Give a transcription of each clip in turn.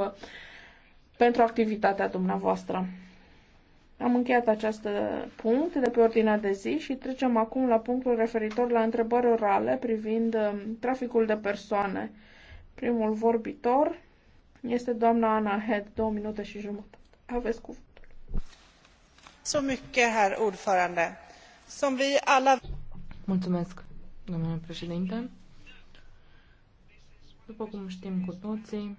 vouă pentru activitatea dumneavoastră. Am încheiat acest punct de pe ordinea de zi și trecem acum la punctul referitor la întrebări orale privind um, traficul de persoane. Primul vorbitor este doamna Ana Head, două minute și jumătate. Aveți cuvântul. So mycket, herr ordförande. Som vi alla... Mulțumesc, domnule președinte. După cum știm cu toții,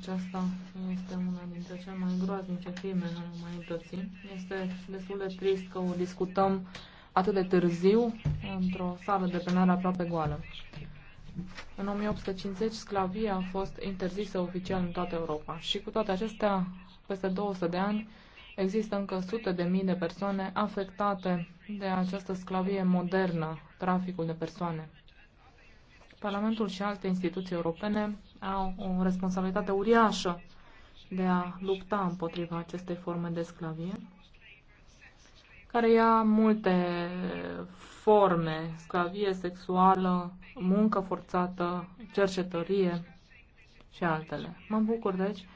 aceasta este una dintre cele mai groaznice filme în umanității. Este destul de trist că o discutăm atât de târziu într-o sală de penală aproape goală. În 1850, sclavia a fost interzisă oficial în toată Europa și cu toate acestea, peste 200 de ani, există încă sute de mii de persoane afectate de această sclavie modernă, traficul de persoane. Parlamentul și alte instituții europene au o responsabilitate uriașă de a lupta împotriva acestei forme de sclavie, care ia multe forme, sclavie sexuală, muncă forțată, cercetărie și altele. Mă bucur, deci,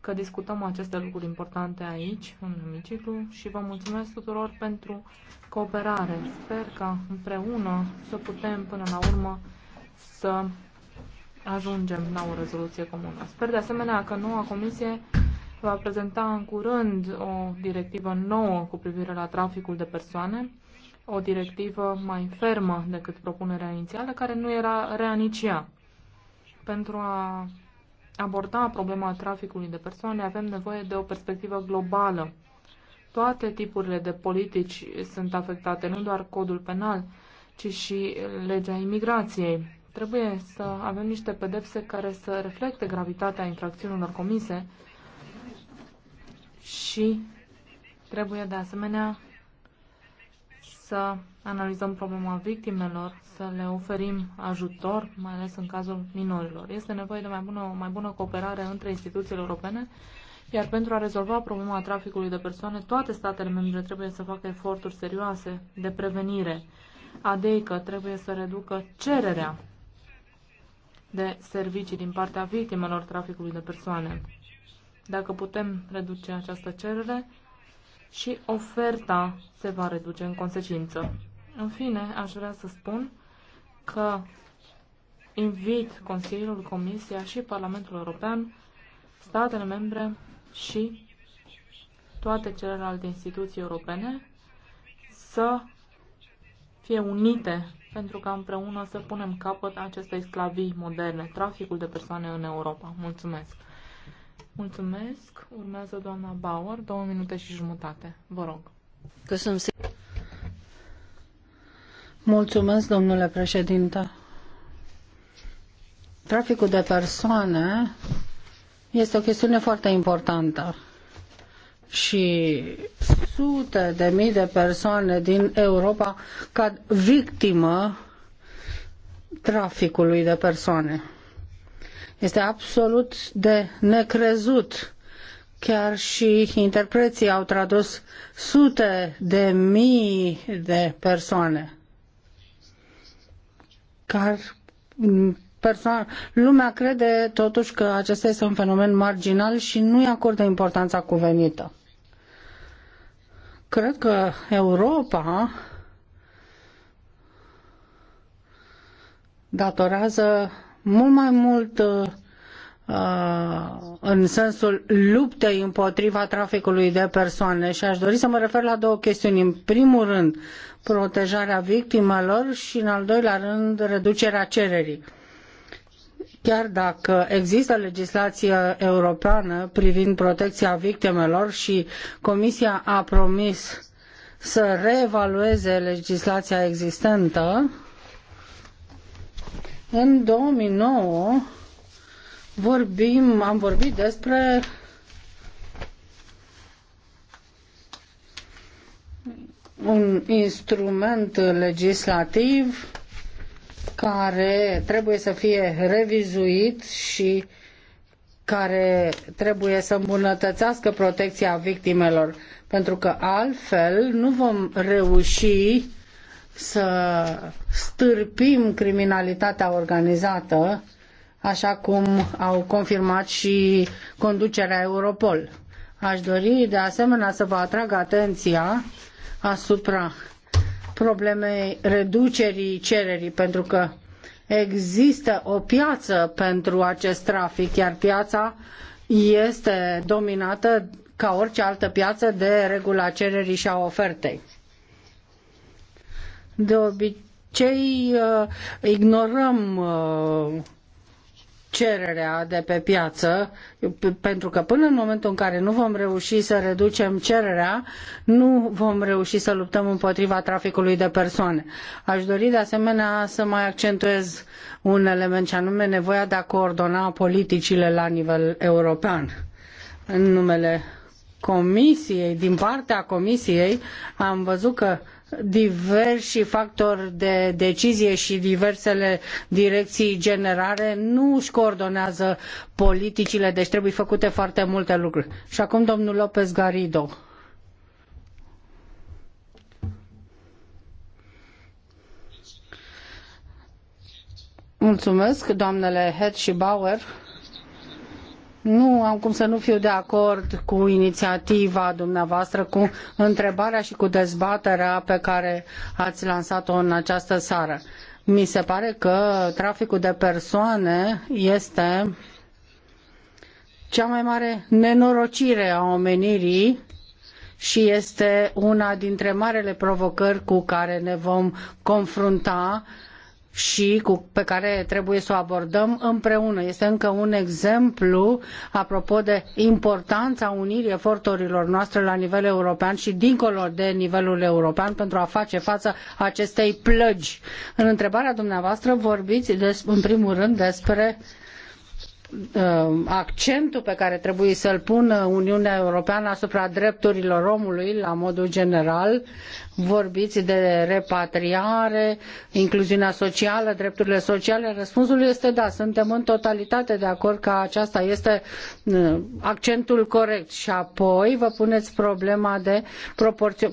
că discutăm aceste lucruri importante aici, în hemiciclu, și vă mulțumesc tuturor pentru cooperare. Sper că împreună să putem, până la urmă, să ajungem la o rezoluție comună. Sper de asemenea că noua comisie va prezenta în curând o directivă nouă cu privire la traficul de persoane, o directivă mai fermă decât propunerea inițială, care nu era reanicia. Pentru a aborda problema traficului de persoane, avem nevoie de o perspectivă globală. Toate tipurile de politici sunt afectate, nu doar codul penal, ci și legea imigrației Trebuie să avem niște pedepse care să reflecte gravitatea infracțiunilor comise și trebuie de asemenea să analizăm problema victimelor, să le oferim ajutor, mai ales în cazul minorilor. Este nevoie de mai bună, mai bună cooperare între instituțiile europene, iar pentru a rezolva problema traficului de persoane, toate statele membre trebuie să facă eforturi serioase de prevenire, adică trebuie să reducă cererea de servicii din partea victimelor traficului de persoane. Dacă putem reduce această cerere, și oferta se va reduce în consecință. În fine, aș vrea să spun că invit Consiliul, Comisia și Parlamentul European, statele membre și toate celelalte instituții europene să fie unite pentru ca împreună să punem capăt acestei sclavii moderne, traficul de persoane în Europa. Mulțumesc! Mulțumesc! Urmează doamna Bauer, două minute și jumătate. Vă rog! Mulțumesc, domnule președinte! Traficul de persoane este o chestiune foarte importantă și sute de mii de persoane din Europa cad victimă traficului de persoane. Este absolut de necrezut. Chiar și interpreții au tradus sute de mii de persoane. Car persoan, lumea crede totuși că acesta este un fenomen marginal și nu îi acordă importanța cuvenită. Cred că Europa datorează mult mai mult uh, în sensul luptei împotriva traficului de persoane și aș dori să mă refer la două chestiuni. În primul rând, protejarea victimelor și în al doilea rând, reducerea cererii. Uh, Chiar dacă există legislație europeană privind protecția victimelor și Comisia a promis să reevalueze legislația existentă, în 2009 vorbim, am vorbit despre un instrument legislativ care trebuie să fie revizuit și care trebuie să îmbunătățească protecția victimelor, pentru că altfel nu vom reuși să stârpim criminalitatea organizată, așa cum au confirmat și conducerea Europol. Aș dori de asemenea să vă atrag atenția asupra problemei reducerii cererii, pentru că există o piață pentru acest trafic, iar piața este dominată ca orice altă piață de regula cererii și a ofertei. De obicei, uh, ignorăm uh, cererea de pe piață, pentru că până în momentul în care nu vom reuși să reducem cererea, nu vom reuși să luptăm împotriva traficului de persoane. Aș dori de asemenea să mai accentuez un element și anume nevoia de a coordona politicile la nivel european. În numele Comisiei, din partea Comisiei, am văzut că diversi factori de decizie și diversele direcții generale nu își coordonează politicile, deci trebuie făcute foarte multe lucruri. Și acum domnul Lopez Garrido. Mulțumesc, doamnele Head și Bauer. Nu am cum să nu fiu de acord cu inițiativa dumneavoastră, cu întrebarea și cu dezbaterea pe care ați lansat-o în această seară. Mi se pare că traficul de persoane este cea mai mare nenorocire a omenirii și este una dintre marele provocări cu care ne vom confrunta uh, și cu, pe care trebuie să o abordăm împreună. Este încă un exemplu apropo de importanța unirii eforturilor noastre la nivel european și dincolo de nivelul european pentru a face față acestei plăgi. În întrebarea dumneavoastră vorbiți des, în primul rând despre uh, Uh, accentul pe care trebuie să-l pună Uniunea Europeană asupra drepturilor omului la modul general. Vorbiți de repatriare, incluziunea socială, drepturile sociale. Răspunsul este da, suntem în totalitate de acord că aceasta este uh, accentul corect. Și apoi vă puneți problema de proporție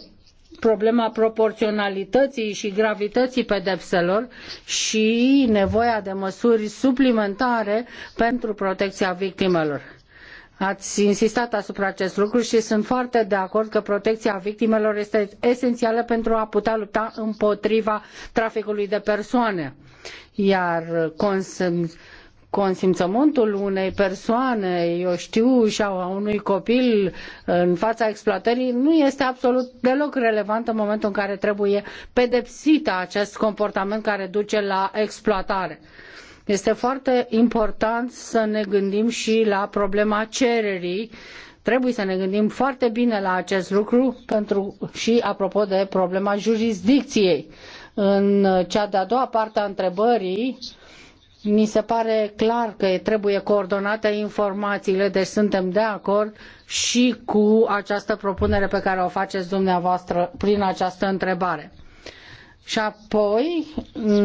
problema proporționalității și gravității pedepselor și nevoia de măsuri suplimentare pentru protecția victimelor. Ați insistat asupra acest lucru și sunt foarte de acord că protecția victimelor este esențială pentru a putea lupta împotriva traficului de persoane. Iar cons- consimțământul unei persoane, eu știu, și a unui copil în fața exploatării nu este absolut deloc relevant în momentul în care trebuie pedepsită acest comportament care duce la exploatare. Este foarte important să ne gândim și la problema cererii. Trebuie să ne gândim foarte bine la acest lucru pentru și apropo de problema jurisdicției. În cea de-a doua parte a întrebării, uh, mi se pare clar că trebuie coordonate informațiile, deci suntem de acord și cu această propunere pe care o faceți dumneavoastră prin această întrebare. Și apoi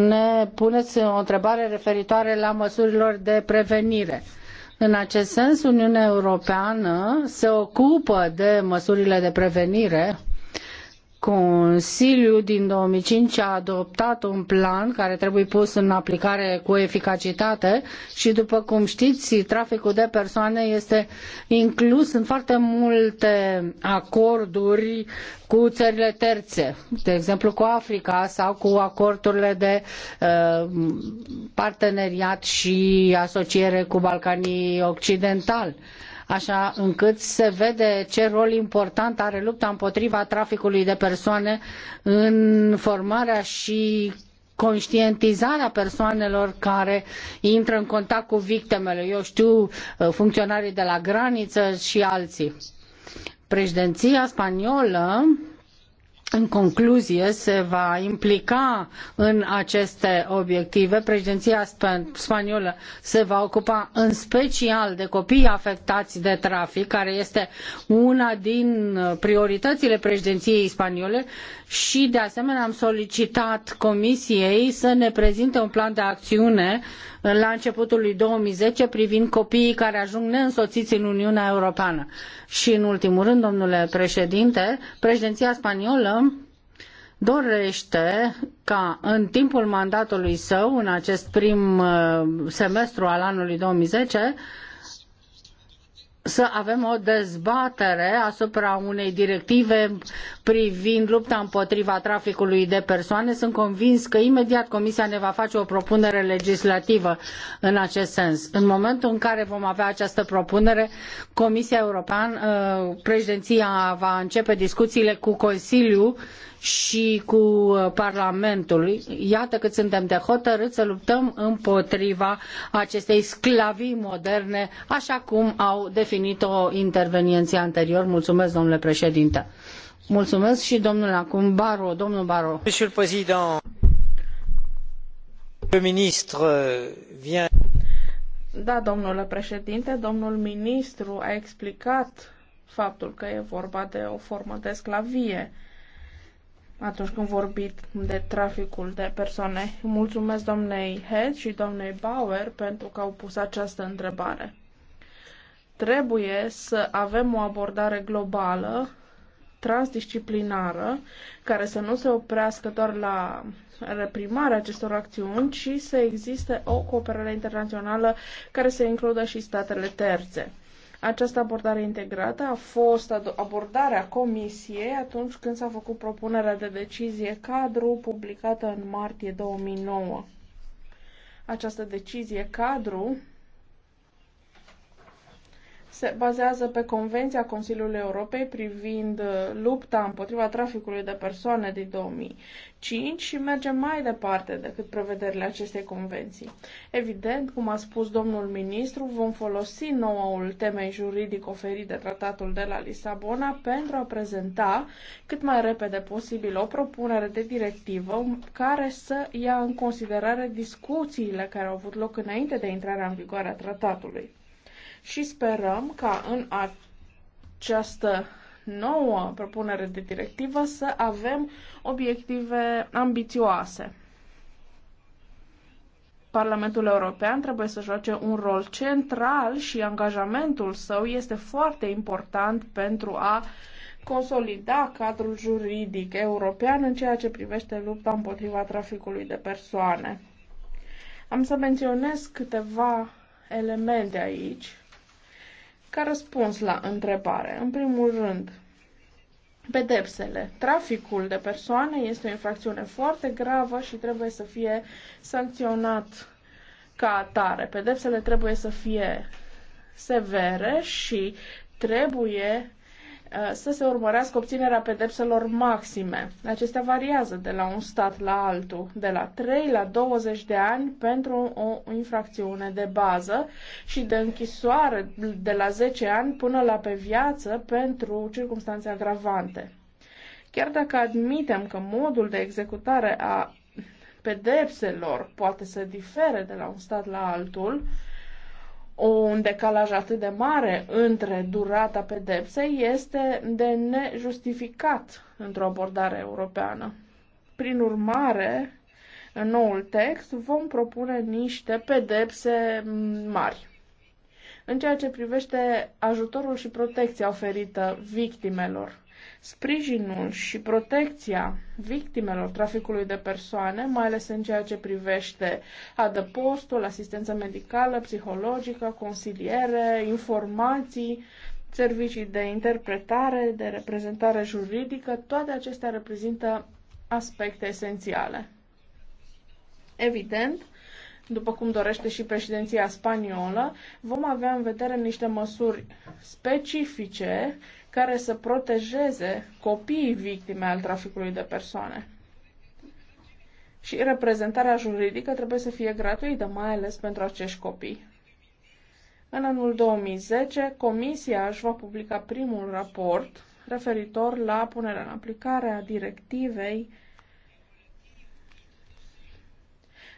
ne puneți o întrebare referitoare la măsurilor de prevenire. În acest sens, Uniunea Europeană se ocupă de măsurile de prevenire Consiliul din 2005 a adoptat un plan care trebuie pus în aplicare cu eficacitate și, după cum știți, traficul de persoane este inclus în foarte multe acorduri cu țările terțe, de exemplu cu Africa sau cu acordurile de uh, parteneriat și asociere cu Balcanii Occidentali așa încât se vede ce rol important are lupta împotriva traficului de persoane în formarea și conștientizarea persoanelor care intră în contact cu victimele. Eu știu uh, funcționarii de la graniță și alții. Președinția spaniolă în concluzie se va implica în aceste obiective. Președinția spaniolă se va ocupa în special de copiii afectați de trafic, care este una din prioritățile președinției spaniole și de asemenea am solicitat comisiei să ne prezinte un plan de acțiune la începutul lui 2010 privind copiii care ajung neînsoțiți în Uniunea Europeană. Și în ultimul rând, domnule președinte, președinția spaniolă dorește ca în timpul mandatului său, în acest prim uh, semestru al anului 2010, să avem o dezbatere asupra unei directive privind lupta împotriva traficului de persoane. Sunt convins că imediat Comisia ne va face o propunere legislativă în acest sens. În momentul în care vom avea această propunere, Comisia Europeană, uh, președinția va începe discuțiile cu Consiliul și cu uh, Parlamentul. Iată cât suntem de hotărâți să luptăm împotriva acestei sclavii moderne, așa cum au definit-o intervenienții anterior. Mulțumesc, domnule președinte. Mulțumesc și domnul acum Baro, domnul Baro. Monsieur le Président, le ministre vient... Da, domnule președinte, domnul ministru a explicat faptul că e vorba de o formă de sclavie atunci când vorbit de traficul de persoane. Mulțumesc doamnei Head și doamnei Bauer pentru că au pus această întrebare. Trebuie să avem o abordare globală, transdisciplinară, care să nu se oprească doar la reprimarea acestor acțiuni, ci să existe o cooperare internațională care să includă și statele terțe. Această abordare integrată a fost abordarea Comisiei atunci când s-a făcut propunerea de decizie cadru publicată în martie 2009. Această decizie cadru se bazează pe Convenția Consiliului Europei privind uh, lupta împotriva traficului de persoane din 2005 și merge mai departe decât prevederile acestei convenții. Evident, cum a spus domnul ministru, vom folosi noul temei juridic oferit de tratatul de la Lisabona pentru a prezenta cât mai repede posibil o propunere de directivă care să ia în considerare discuțiile care au avut loc înainte de intrarea în vigoare a tratatului și sperăm ca în această nouă propunere de directivă să avem obiective ambițioase. Parlamentul European trebuie să joace un rol central și angajamentul său este foarte important pentru a consolida cadrul juridic european în ceea ce privește lupta împotriva traficului de persoane. Am să menționez câteva elemente aici ca răspuns la întrebare, în primul rând, pedepsele. Traficul de persoane este o infracțiune foarte gravă și trebuie să fie sancționat ca atare. Pedepsele trebuie să fie severe și trebuie Uh, să se urmărească obținerea pedepselor maxime. Acestea variază de la un stat la altul, de la 3 la 20 de ani pentru o infracțiune de bază și de închisoare de la 10 ani până la pe viață pentru circunstanțe agravante. Chiar dacă admitem că modul de executare a pedepselor poate să difere de la un stat la altul, uh, un decalaj atât de mare între durata pedepsei este de nejustificat într-o abordare europeană. Prin urmare, în noul text vom propune niște pedepse mari. În ceea ce privește ajutorul și protecția oferită victimelor Sprijinul și protecția victimelor traficului de persoane, mai ales în ceea ce privește adăpostul, asistență medicală, psihologică, consiliere, informații, servicii de interpretare, de reprezentare juridică, toate acestea reprezintă aspecte esențiale. Evident, după cum dorește și președinția spaniolă, vom avea în vedere niște măsuri specifice care să protejeze copiii victime al traficului de persoane. Și reprezentarea juridică trebuie să fie gratuită, mai ales pentru acești copii. În anul 2010, Comisia își va publica primul raport referitor la punerea în aplicare a directivei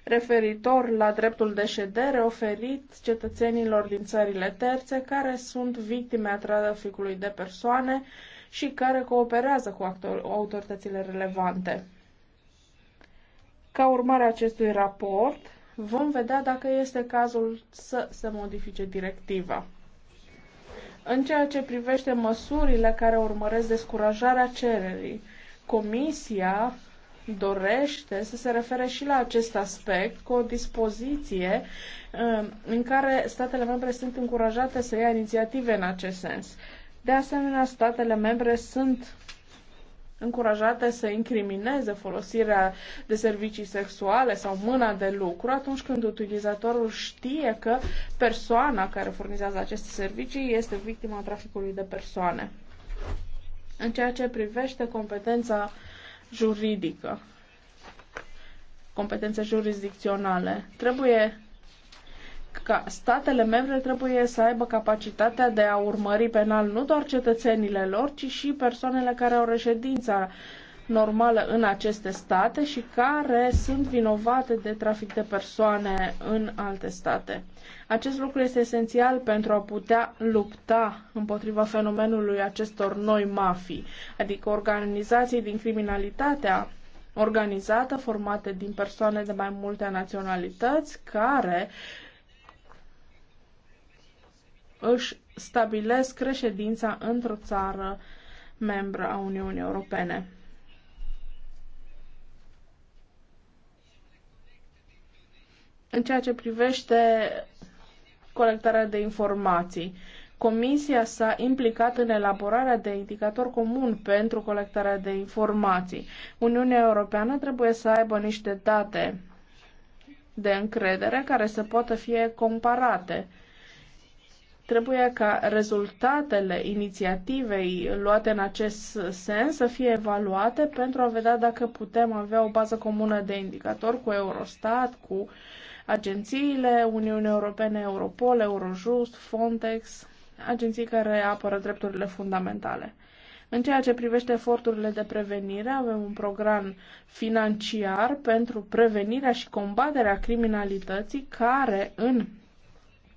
referitor la dreptul de ședere oferit cetățenilor din țările terțe care sunt victime a traficului de persoane și care cooperează cu autoritățile relevante. Ca urmare a acestui raport, vom vedea dacă este cazul să se modifice directiva. În ceea ce privește măsurile care urmăresc descurajarea cererii, Comisia dorește să se refere și la acest aspect cu o dispoziție um, în care statele membre sunt încurajate să ia inițiative în acest sens. De asemenea, statele membre sunt încurajate să incrimineze folosirea de servicii sexuale sau mâna de lucru atunci când utilizatorul știe că persoana care furnizează aceste servicii este victima traficului de persoane. În ceea ce privește competența juridică, competențe jurisdicționale. Trebuie ca statele membre trebuie să aibă capacitatea de a urmări penal nu doar cetățenile lor, ci și persoanele care au reședința normală în aceste state și care sunt vinovate de trafic de persoane în alte state. Acest lucru este esențial pentru a putea lupta împotriva fenomenului acestor noi mafii, adică organizații din criminalitatea organizată, formate din persoane de mai multe naționalități, care își stabilesc reședința într-o țară membră a Uniunii Europene. În ceea ce privește colectarea de informații, Comisia s-a implicat în elaborarea de indicator comun pentru colectarea de informații. Uniunea Europeană trebuie să aibă niște date de încredere care să poată fi comparate. Trebuie ca rezultatele inițiativei luate în acest sens să fie evaluate pentru a vedea dacă putem avea o bază comună de indicator cu Eurostat, cu uh, agențiile Uniunii Europene, Europol, Eurojust, Frontex, agenții care apără drepturile fundamentale. În ceea ce privește eforturile de prevenire, avem un program financiar pentru prevenirea și combaterea criminalității care în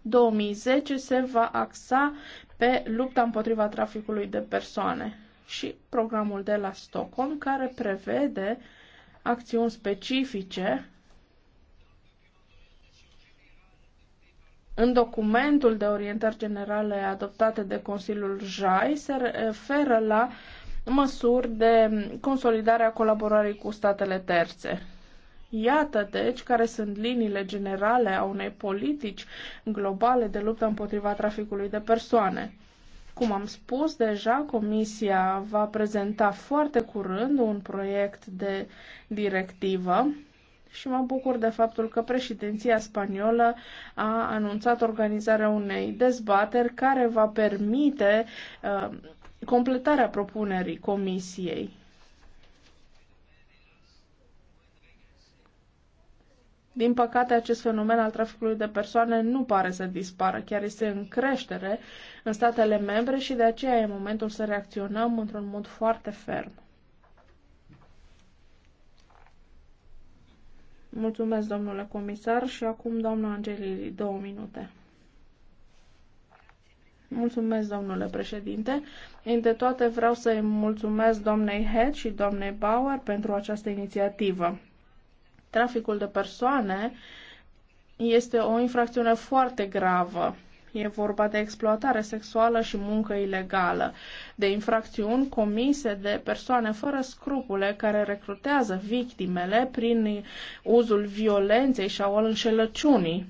2010 se va axa pe lupta împotriva traficului de persoane și programul de la Stockholm care prevede acțiuni specifice În documentul de orientări generale adoptate de Consiliul JAI se referă la măsuri de consolidare a colaborării cu statele terțe. Iată, deci, care sunt liniile generale a unei politici globale de luptă împotriva traficului de persoane. Cum am spus deja, Comisia va prezenta foarte curând un proiect de directivă și mă bucur de faptul că președinția spaniolă a anunțat organizarea unei dezbateri care va permite uh, completarea propunerii comisiei. Din păcate, acest fenomen al traficului de persoane nu pare să dispară, chiar este în creștere în statele membre și de aceea e momentul să reacționăm într-un mod foarte ferm. Mulțumesc, domnule comisar, și acum doamna Angelili, două minute. Mulțumesc, domnule președinte. Între toate vreau să-i mulțumesc doamnei Head și doamnei Bauer pentru această inițiativă. Traficul de persoane este o infracțiune foarte gravă E vorba de exploatare sexuală și muncă ilegală, de infracțiuni comise de persoane fără scrupule care recrutează victimele prin uzul violenței și al înșelăciunii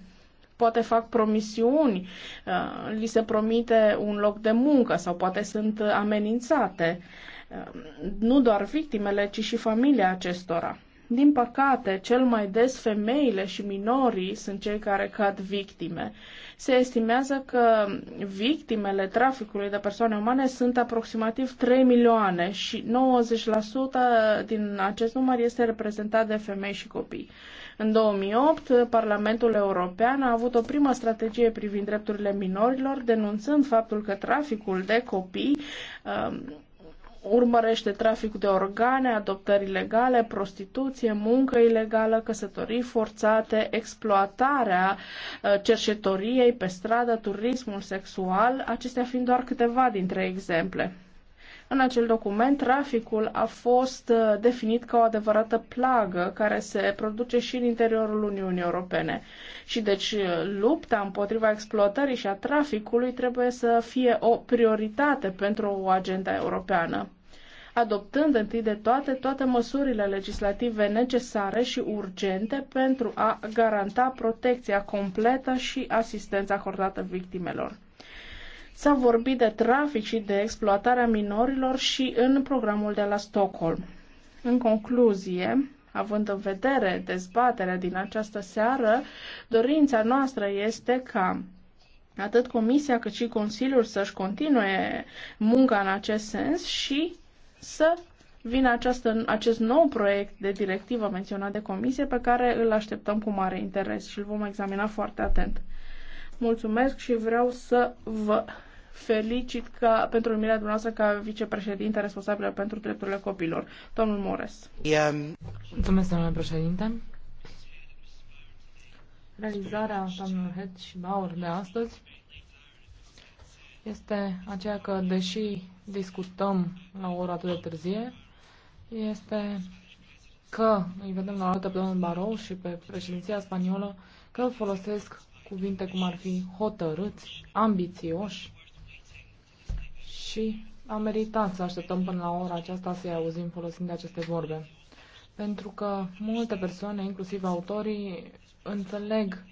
poate fac promisiuni, uh, li se promite un loc de muncă sau poate sunt amenințate. Uh, nu doar victimele, ci și familia acestora. Din păcate, cel mai des femeile și minorii sunt cei care cad victime. Se estimează că victimele traficului de persoane umane sunt aproximativ 3 milioane și 90% din acest număr este reprezentat de femei și copii. În 2008, Parlamentul European a avut o primă strategie privind drepturile minorilor, denunțând faptul că traficul de copii um, urmărește traficul de organe, adoptări ilegale, prostituție, muncă ilegală, căsătorii forțate, exploatarea uh, cercetoriei pe stradă, turismul sexual, acestea fiind doar câteva dintre exemple. În acel document, traficul a fost uh, definit ca o adevărată plagă care se produce și în interiorul Uniunii Europene. Și deci uh, lupta împotriva exploatării și a traficului trebuie să fie o prioritate pentru o agenda europeană adoptând întâi de toate toate măsurile legislative necesare și urgente pentru a garanta protecția completă și asistența acordată victimelor. S-a vorbit de trafic și de exploatarea minorilor și în programul de la Stockholm. În concluzie, având în vedere dezbaterea din această seară, dorința noastră este ca atât Comisia cât și Consiliul să-și continue munca în acest sens și să vină această, acest nou proiect de directivă menționat de Comisie pe care îl așteptăm cu mare interes și îl vom examina foarte atent. Mulțumesc și vreau să vă felicit ca, pentru numirea dumneavoastră ca vicepreședinte responsabilă pentru drepturile copilor. Domnul Mores. Mulțumesc, domnule președinte. Realizarea doamnelor Head și Bauer de astăzi este aceea că, deși discutăm la o oră atât de târzie, este că îi vedem la altă pe domnul Barou și pe președinția spaniolă că folosesc cuvinte cum ar fi hotărâți, ambițioși, și a meritat să așteptăm până la ora aceasta să-i auzim folosind aceste vorbe. Pentru că multe persoane, inclusiv autorii, înțeleg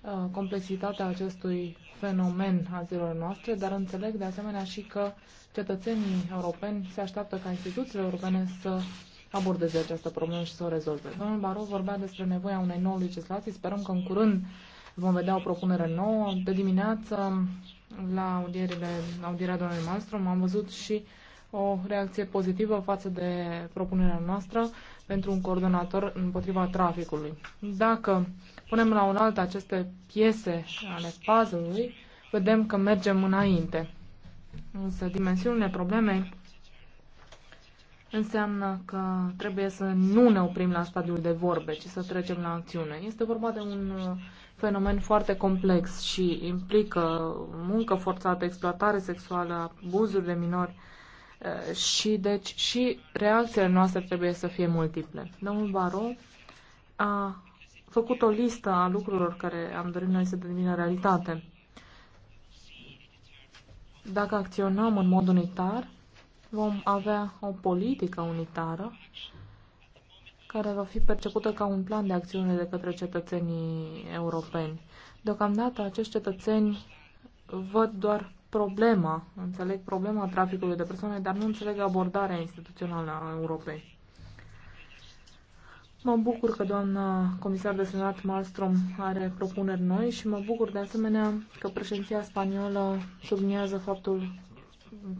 uh, complexitatea acestui fenomen a zilelor noastre, dar înțeleg de asemenea și că cetățenii europeni se așteaptă ca instituțiile europene să abordeze această problemă și să o rezolve. Domnul Baro vorbea despre nevoia unei noi legislații. Sperăm că în curând vom vedea o propunere nouă. De dimineață la audierile, audierea doamnei Malmström am văzut și o reacție pozitivă față de propunerea noastră pentru un coordonator împotriva traficului. Dacă punem la un alt aceste piese ale puzzle-ului, vedem că mergem înainte. Însă dimensiunile problemei înseamnă că trebuie să nu ne oprim la stadiul de vorbe, ci să trecem la acțiune. Este vorba de un fenomen foarte complex și implică muncă forțată, exploatare sexuală, abuzuri de minori eh, și deci și reacțiile noastre trebuie să fie multiple. Domnul Baro a făcut o listă a lucrurilor care am dorit noi să devină realitate. Dacă acționăm în mod unitar, vom avea o politică unitară care va fi percepută ca un plan de acțiune de către cetățenii europeni. Deocamdată acești cetățeni văd doar problema, înțeleg problema traficului de persoane, dar nu înțeleg abordarea instituțională a Europei. Mă bucur că doamna comisar de senat Malmström are propuneri noi și mă bucur de asemenea că președinția spaniolă subliniază faptul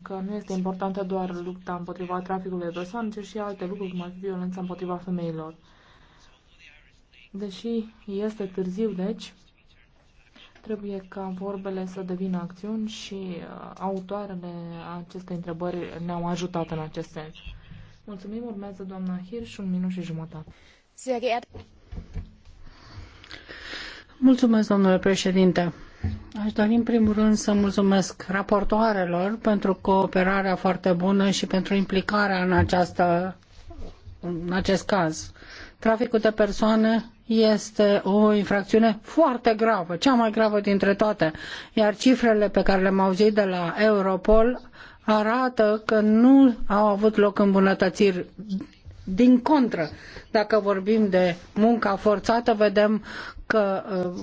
că nu este importantă doar lupta împotriva traficului de persoane, ci și alte lucruri, cum ar fi violența împotriva femeilor. Deși este târziu, deci, trebuie ca vorbele să devină acțiuni și uh, autoarele acestei întrebări ne-au ajutat în acest sens. Mulțumim, urmează doamna Hirsch, un minut și jumătate. Mulțumesc, domnule președinte. Aș dori în primul rând să mulțumesc raportoarelor pentru cooperarea foarte bună și pentru implicarea în, această, în acest caz. Traficul de persoane este o infracțiune foarte gravă, cea mai gravă dintre toate, iar cifrele pe care le-am auzit de la Europol arată că nu au avut loc îmbunătățiri din contră, dacă vorbim de munca forțată, vedem că uh,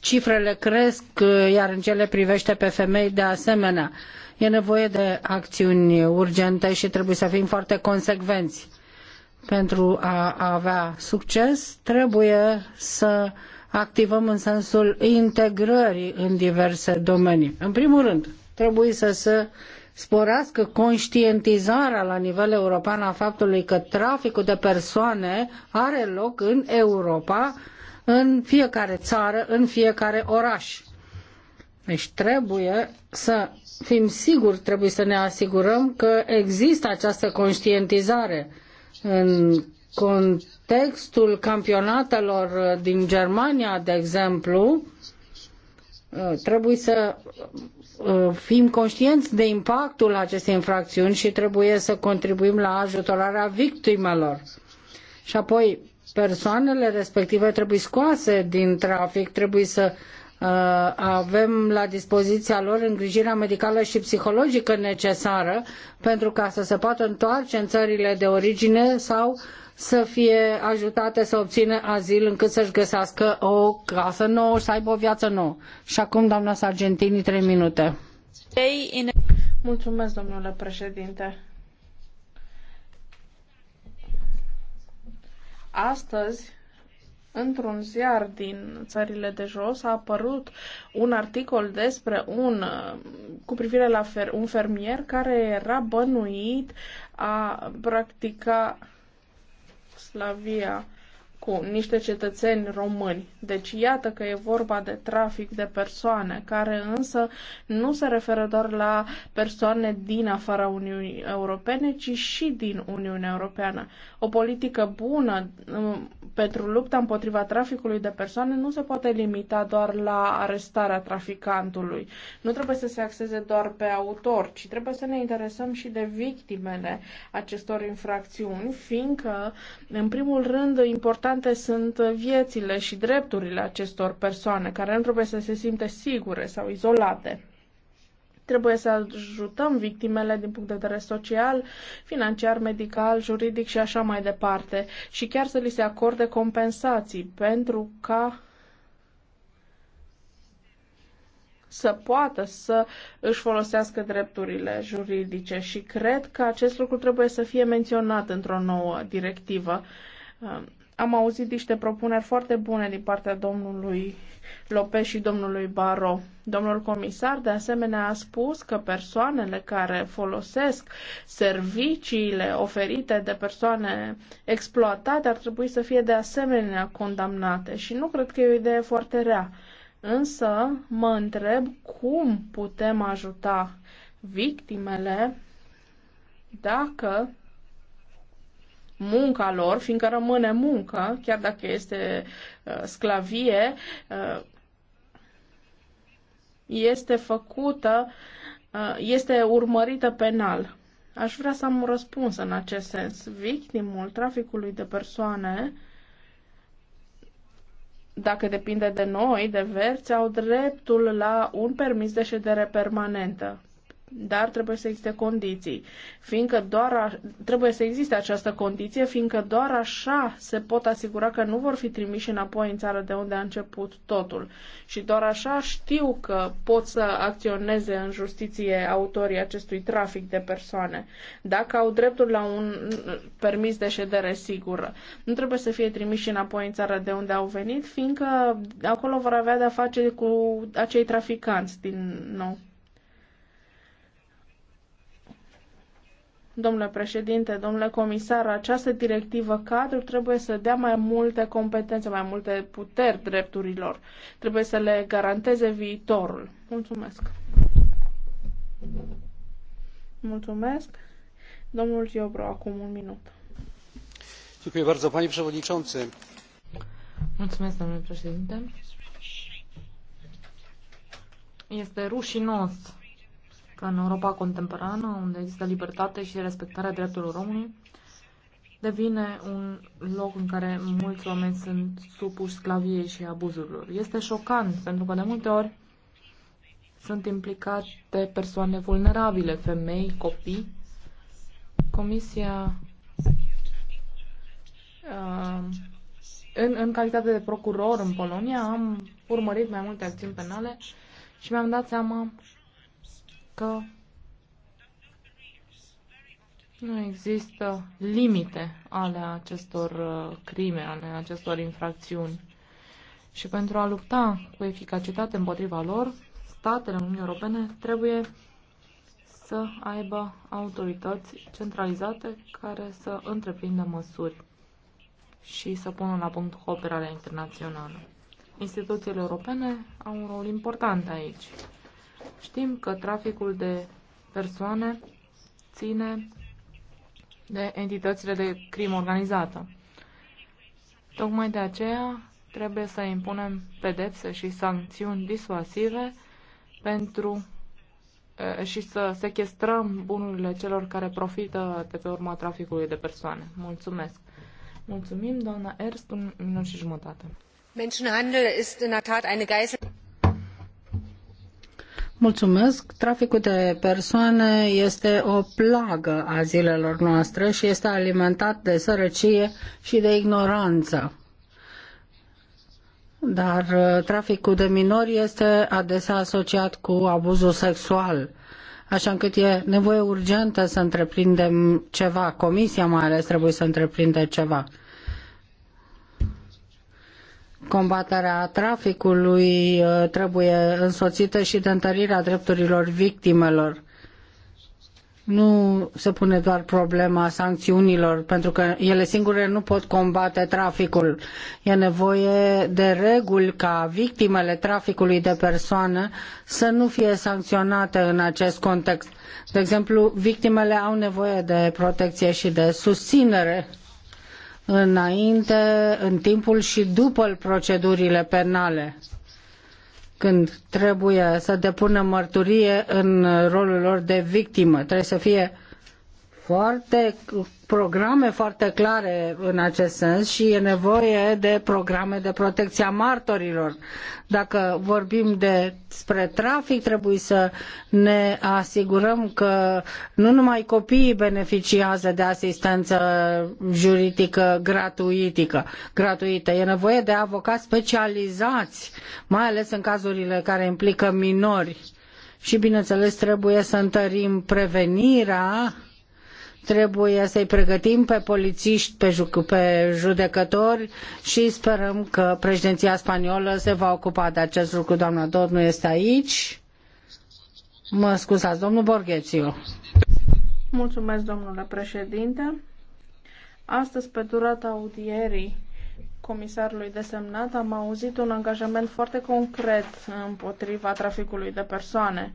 cifrele cresc, uh, iar în cele privește pe femei de asemenea. E nevoie de acțiuni urgente și trebuie să fim foarte consecvenți. Pentru a avea succes, trebuie să activăm în sensul integrării în diverse domenii. În primul rând, trebuie să se sporească conștientizarea la nivel european a faptului că traficul de persoane are loc în Europa, în fiecare țară, în fiecare oraș. Deci trebuie să fim siguri, trebuie să ne asigurăm că există această conștientizare în contextul campionatelor din Germania, de exemplu, trebuie să Uh, fim conștienți de impactul acestei infracțiuni și trebuie să contribuim la ajutorarea victimelor. Și apoi, persoanele respective trebuie scoase din trafic, trebuie să uh, avem la dispoziția lor îngrijirea medicală și psihologică necesară pentru ca să se poată întoarce în țările de origine sau să fie ajutate să obțină azil încât să-și găsească o casă nouă și să aibă o viață nouă. Și acum, doamna Sargentini, trei minute. Mulțumesc, domnule președinte. Astăzi, într-un ziar din țările de jos a apărut un articol despre un cu privire la fer, un fermier care era bănuit a practica Iugoslavia cu niște cetățeni români. Deci iată că e vorba de trafic de persoane, care însă nu se referă doar la persoane din afara Uniunii Europene, ci și din Uniunea Europeană. O politică bună um, pentru lupta împotriva traficului de persoane nu se poate limita doar la arestarea traficantului. Nu trebuie să se axeze doar pe autor, ci trebuie să ne interesăm și de victimele acestor infracțiuni, fiindcă, în primul rând, important importante sunt viețile și drepturile acestor persoane, care nu trebuie să se simte sigure sau izolate. Trebuie să ajutăm victimele din punct de vedere social, financiar, medical, juridic și așa mai departe și chiar să li se acorde compensații pentru ca să poată să își folosească drepturile juridice și cred că acest lucru trebuie să fie menționat într-o nouă directivă. Um, am auzit niște propuneri foarte bune din partea domnului Lopez și domnului Baro. Domnul comisar, de asemenea, a spus că persoanele care folosesc serviciile oferite de persoane exploatate ar trebui să fie de asemenea condamnate și nu cred că e o idee foarte rea. Însă mă întreb cum putem ajuta victimele dacă munca lor, fiindcă rămâne muncă, chiar dacă este uh, sclavie, uh, este făcută, uh, este urmărită penal. Aș vrea să am un răspuns în acest sens. Victimul traficului de persoane dacă depinde de noi, de verți, au dreptul la un permis de ședere permanentă dar trebuie să existe condiții, fiindcă doar a, trebuie să existe această condiție, fiindcă doar așa se pot asigura că nu vor fi trimiși înapoi în țară de unde a început totul. Și doar așa știu că pot să acționeze în justiție autorii acestui trafic de persoane, dacă au dreptul la un permis de ședere sigură. Nu trebuie să fie trimiși înapoi în țară de unde au venit, fiindcă acolo vor avea de-a face cu acei traficanți din nou. Domnule președinte, domnule comisar, această directivă cadru trebuie să dea mai multe competențe, mai multe puteri drepturilor. Trebuie să le garanteze viitorul. Mulțumesc. Mulțumesc. Domnul Giobro, acum un minut. Dziękuję bardzo, panie przewodniczący. Mulțumesc, domnule președinte. Este rușinos că în Europa contemporană, unde există libertate și respectarea drepturilor omului, devine un loc în care mulți oameni sunt supuși sclaviei și abuzurilor. Este șocant, pentru că de multe ori sunt implicate persoane vulnerabile, femei, copii. Comisia, uh, în, în calitate de procuror în Polonia, am urmărit mai multe acțiuni penale și mi-am dat seama că nu există limite ale acestor uh, crime, ale acestor infracțiuni. Și pentru a lupta cu eficacitate împotriva lor, statele Uniunii Europene trebuie să aibă autorități centralizate care să întreprindă măsuri și să pună la punct cooperarea internațională. Instituțiile europene au un rol important aici Știm că traficul de persoane ține de entitățile de crimă organizată. Tocmai de aceea trebuie să impunem pedepse și sancțiuni disuasive pentru și să sechestrăm bunurile celor care profită de pe urma traficului de persoane. Mulțumesc. Mulțumim, doamna Erst, un minut și jumătate. Menschenhandel Tat eine Mulțumesc. Traficul de persoane este o plagă a zilelor noastre și este alimentat de sărăcie și de ignoranță. Dar uh, traficul de minori este adesea asociat cu abuzul sexual, așa încât e nevoie urgentă să întreprindem ceva. Comisia mai ales trebuie să întreprindă ceva Combaterea traficului uh, trebuie însoțită și de întărirea drepturilor victimelor. Nu se pune doar problema sancțiunilor, pentru că ele singure nu pot combate traficul. E nevoie de reguli ca victimele traficului de persoane să nu fie sancționate în acest context. De exemplu, victimele au nevoie de protecție și de susținere înainte, în timpul și după procedurile penale când trebuie să depună mărturie în rolul lor de victimă. Trebuie să fie foarte programe foarte clare în acest sens și e nevoie de programe de protecție a martorilor. Dacă vorbim despre trafic, trebuie să ne asigurăm că nu numai copiii beneficiază de asistență juridică gratuitică, gratuită. E nevoie de avocați specializați, mai ales în cazurile care implică minori. Și, bineînțeles, trebuie să întărim prevenirea Trebuie să-i pregătim pe polițiști, pe, ju- pe judecători și sperăm că președinția spaniolă se va ocupa de acest lucru. Doamna Dot nu este aici. Mă scuzați, domnul Borghețiu. Mulțumesc, domnule președinte. Astăzi, pe durata audierii comisarului desemnat, am auzit un angajament foarte concret împotriva traficului de persoane.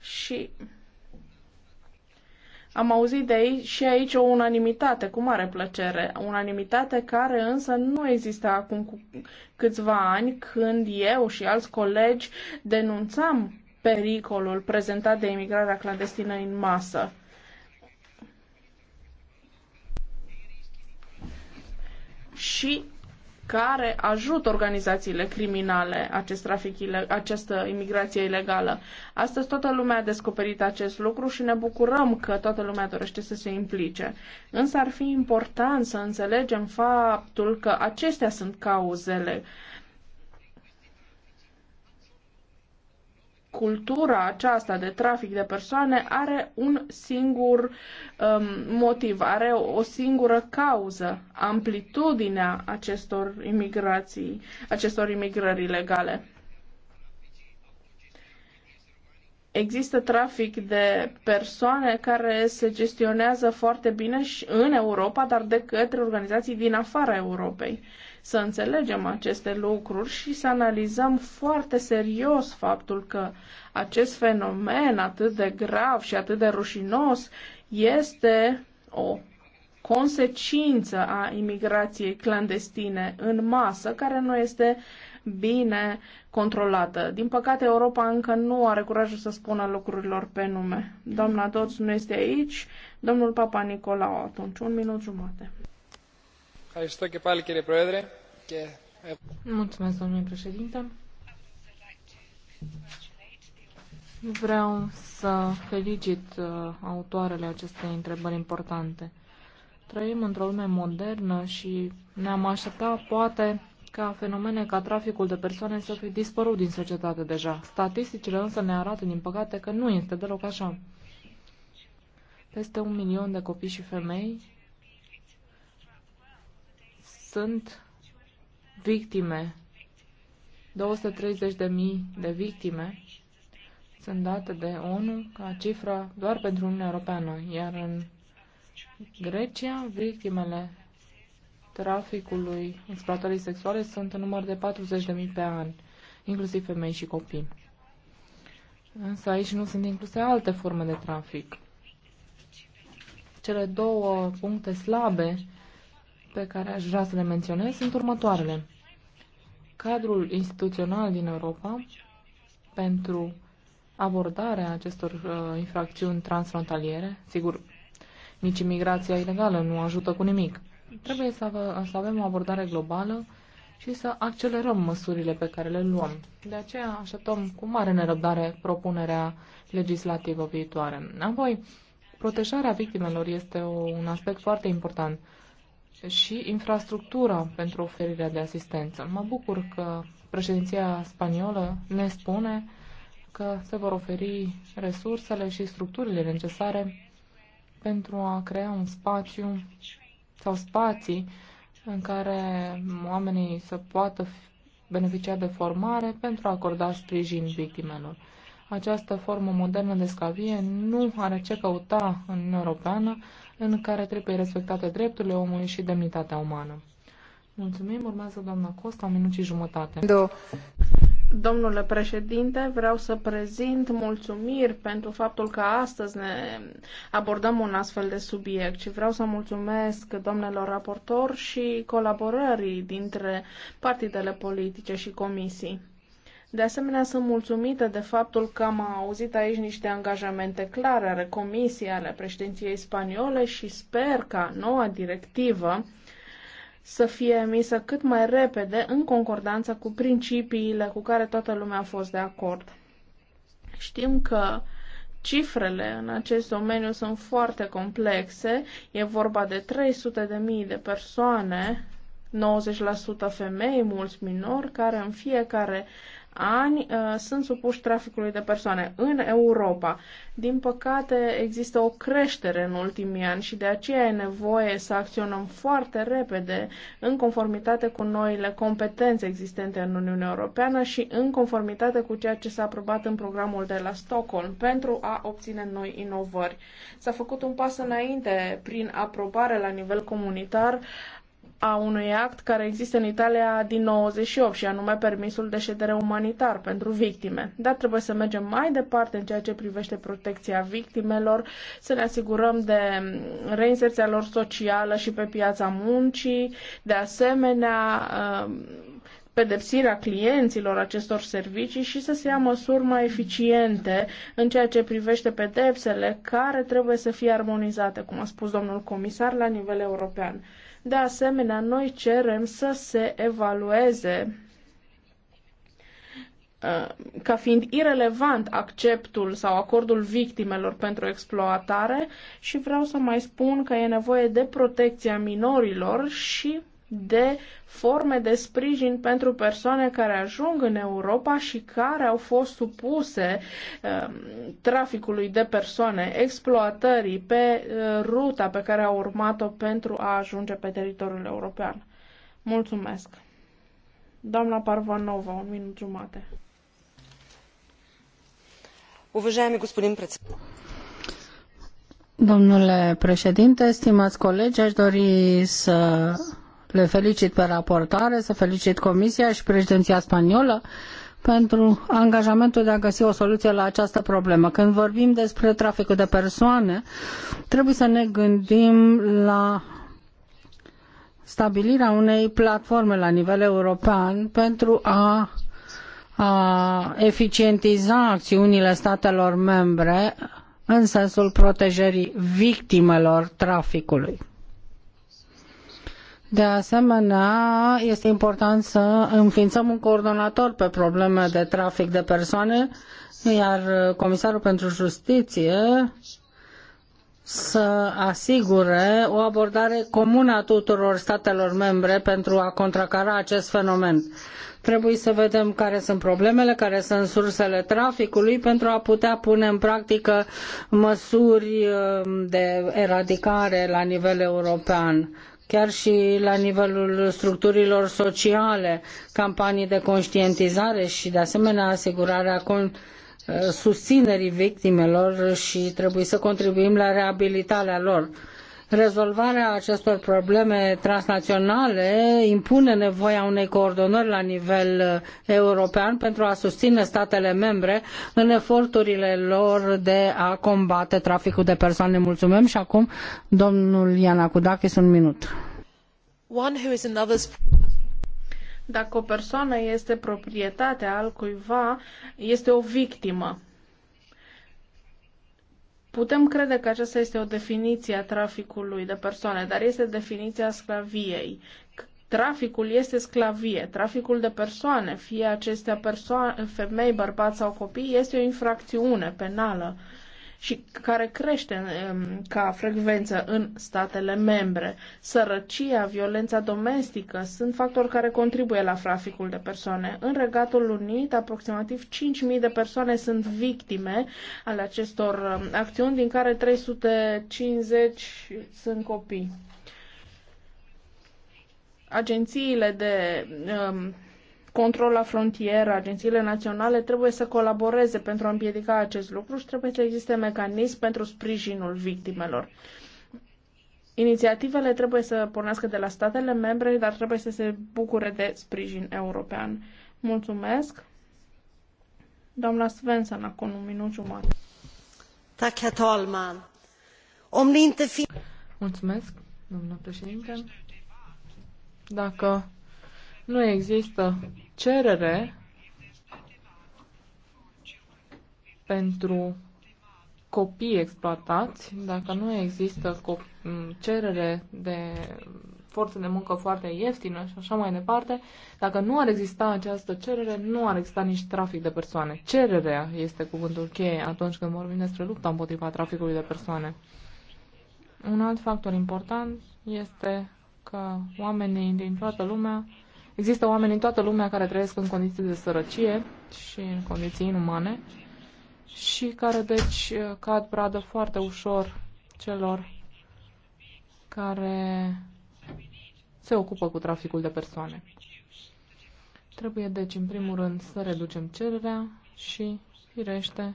Și am auzit de aici și aici o unanimitate, cu mare plăcere, unanimitate care însă nu exista acum cu câțiva ani când eu și alți colegi denunțam pericolul prezentat de imigrarea clandestină în masă. Și care ajută organizațiile criminale acest trafic, această imigrație ilegală. Astăzi toată lumea a descoperit acest lucru și ne bucurăm că toată lumea dorește să se implice. Însă ar fi important să înțelegem faptul că acestea sunt cauzele uh, cultura aceasta de trafic de persoane are un singur um, motiv, are o, o singură cauză, amplitudinea acestor imigrații, acestor imigrări ilegale. Există trafic de persoane care se gestionează foarte bine și în Europa, dar de către organizații din afara Europei să înțelegem aceste lucruri și să analizăm foarte serios faptul că acest fenomen atât de grav și atât de rușinos este o consecință a imigrației clandestine în masă, care nu este bine controlată. Din păcate, Europa încă nu are curajul să spună lucrurilor pe nume. Doamna Doț nu este aici, domnul Papa Nicolau atunci, un minut jumate. Vreau să felicit uh, autoarele acestei întrebări importante. Trăim într-o lume modernă și ne-am așteptat poate, ca fenomene ca traficul de persoane să fi dispărut din societate deja. Statisticile însă ne arată, din păcate, că nu este deloc așa. Peste un milion de copii și femei sunt victime. 230.000 de victime sunt date de ONU ca cifră doar pentru Uniunea Europeană, iar în Grecia victimele traficului exploatării sexuale sunt în număr de 40.000 pe an, inclusiv femei și copii. Însă aici nu sunt incluse alte forme de trafic. Cele două puncte slabe pe care aș vrea să le menționez sunt următoarele. Cadrul instituțional din Europa pentru abordarea acestor uh, infracțiuni transfrontaliere, sigur, nici imigrația ilegală nu ajută cu nimic. Trebuie să, avă, să avem o abordare globală și să accelerăm măsurile pe care le luăm. De aceea așteptăm cu mare nerăbdare propunerea legislativă viitoare. Apoi, protejarea victimelor este o, un aspect foarte important și infrastructura pentru oferirea de asistență. Mă bucur că președinția spaniolă ne spune că se vor oferi resursele și structurile necesare pentru a crea un spațiu sau spații în care oamenii să poată beneficia de formare pentru a acorda sprijin victimelor. Această formă modernă de sclavie nu are ce căuta în Uniunea Europeană, în care trebuie respectate drepturile omului și demnitatea umană. Mulțumim, urmează doamna Costa, un minut și jumătate. Do. Domnule președinte, vreau să prezint mulțumiri pentru faptul că astăzi ne abordăm un astfel de subiect și vreau să mulțumesc domnilor raportor și colaborării dintre partidele politice și comisii. De asemenea, sunt mulțumită de faptul că am auzit aici niște angajamente clare ale Comisiei, ale președinției spaniole și sper ca noua directivă să fie emisă cât mai repede în concordanță cu principiile cu care toată lumea a fost de acord. Știm că cifrele în acest domeniu sunt foarte complexe. E vorba de 300.000 de, mii de persoane 90% femei, mulți minori, care în fiecare ani uh, sunt supuși traficului de persoane în Europa. Din păcate, există o creștere în ultimii ani și de aceea e nevoie să acționăm foarte repede în conformitate cu noile competențe existente în Uniunea Europeană și în conformitate cu ceea ce s-a aprobat în programul de la Stockholm pentru a obține noi inovări. S-a făcut un pas înainte prin aprobare la nivel comunitar a unui act care există în Italia din 98 și anume permisul de ședere umanitar pentru victime. Dar trebuie să mergem mai departe în ceea ce privește protecția victimelor, să ne asigurăm de reinserția lor socială și pe piața muncii, de asemenea um, pedepsirea clienților acestor servicii și să se ia măsuri mai eficiente în ceea ce privește pedepsele care trebuie să fie armonizate, cum a spus domnul comisar, la nivel european. De asemenea, noi cerem să se evalueze uh, ca fiind irelevant acceptul sau acordul victimelor pentru exploatare și vreau să mai spun că e nevoie de protecția minorilor și de forme de sprijin pentru persoane care ajung în Europa și care au fost supuse uh, traficului de persoane, exploatării pe uh, ruta pe care au urmat-o pentru a ajunge pe teritoriul european. Mulțumesc. Doamna Parvanova, un minut jumate. Уважаеми господин председател, Domnule președinte, stimați colegi, aș dori să le felicit pe raportoare, să felicit Comisia și președinția spaniolă pentru angajamentul de a găsi o soluție la această problemă. Când vorbim despre traficul de persoane, trebuie să ne gândim la stabilirea unei platforme la nivel european pentru a, a eficientiza acțiunile statelor membre în sensul protejării victimelor traficului. De asemenea, este important să înființăm un coordonator pe probleme de trafic de persoane, iar Comisarul pentru Justiție să asigure o abordare comună a tuturor statelor membre pentru a contracara acest fenomen. Trebuie să vedem care sunt problemele, care sunt sursele traficului pentru a putea pune în practică măsuri uh, de eradicare la nivel european chiar și la nivelul structurilor sociale, campanii de conștientizare și, de asemenea, asigurarea uh, susținerii victimelor și trebuie să contribuim la reabilitarea lor. Rezolvarea acestor probleme transnaționale impune nevoia unei coordonări la nivel uh, european pentru a susține statele membre în eforturile lor de a combate traficul de persoane. Mulțumim și acum domnul Iana Kudakis un minut. Dacă o persoană este proprietatea al cuiva, este o victimă. Putem crede că aceasta este o definiție a traficului de persoane, dar este definiția sclaviei. Traficul este sclavie, traficul de persoane, fie acestea persoane, femei, bărbați sau copii, este o infracțiune penală și care crește um, ca frecvență în statele membre. Sărăcia, violența domestică sunt factori care contribuie la traficul de persoane. În Regatul Unit, aproximativ 5.000 de persoane sunt victime ale acestor um, acțiuni, din care 350 sunt copii agențiile de um, control la frontieră, agențiile naționale trebuie să colaboreze pentru a împiedica acest lucru și trebuie să existe mecanism pentru sprijinul victimelor. Inițiativele trebuie să pornească de la statele membre, dar trebuie să se bucure de sprijin european. Mulțumesc! Doamna Svensson, acum un minut jumătate. Tack, herr talman. Om ni inte fin- Mulțumesc, doamna președinte. Dacă nu există cerere pentru copii exploatați, dacă nu există cerere de forță de muncă foarte ieftină și așa mai departe, dacă nu ar exista această cerere, nu ar exista nici trafic de persoane. Cererea este cuvântul cheie atunci când vorbim despre lupta împotriva traficului de persoane. Un alt factor important este că oamenii din toată lumea Există oameni în toată lumea care trăiesc în condiții de sărăcie și în condiții inumane și care deci cad pradă foarte ușor celor care se ocupă cu traficul de persoane. Trebuie deci în primul rând să reducem cererea și, firește,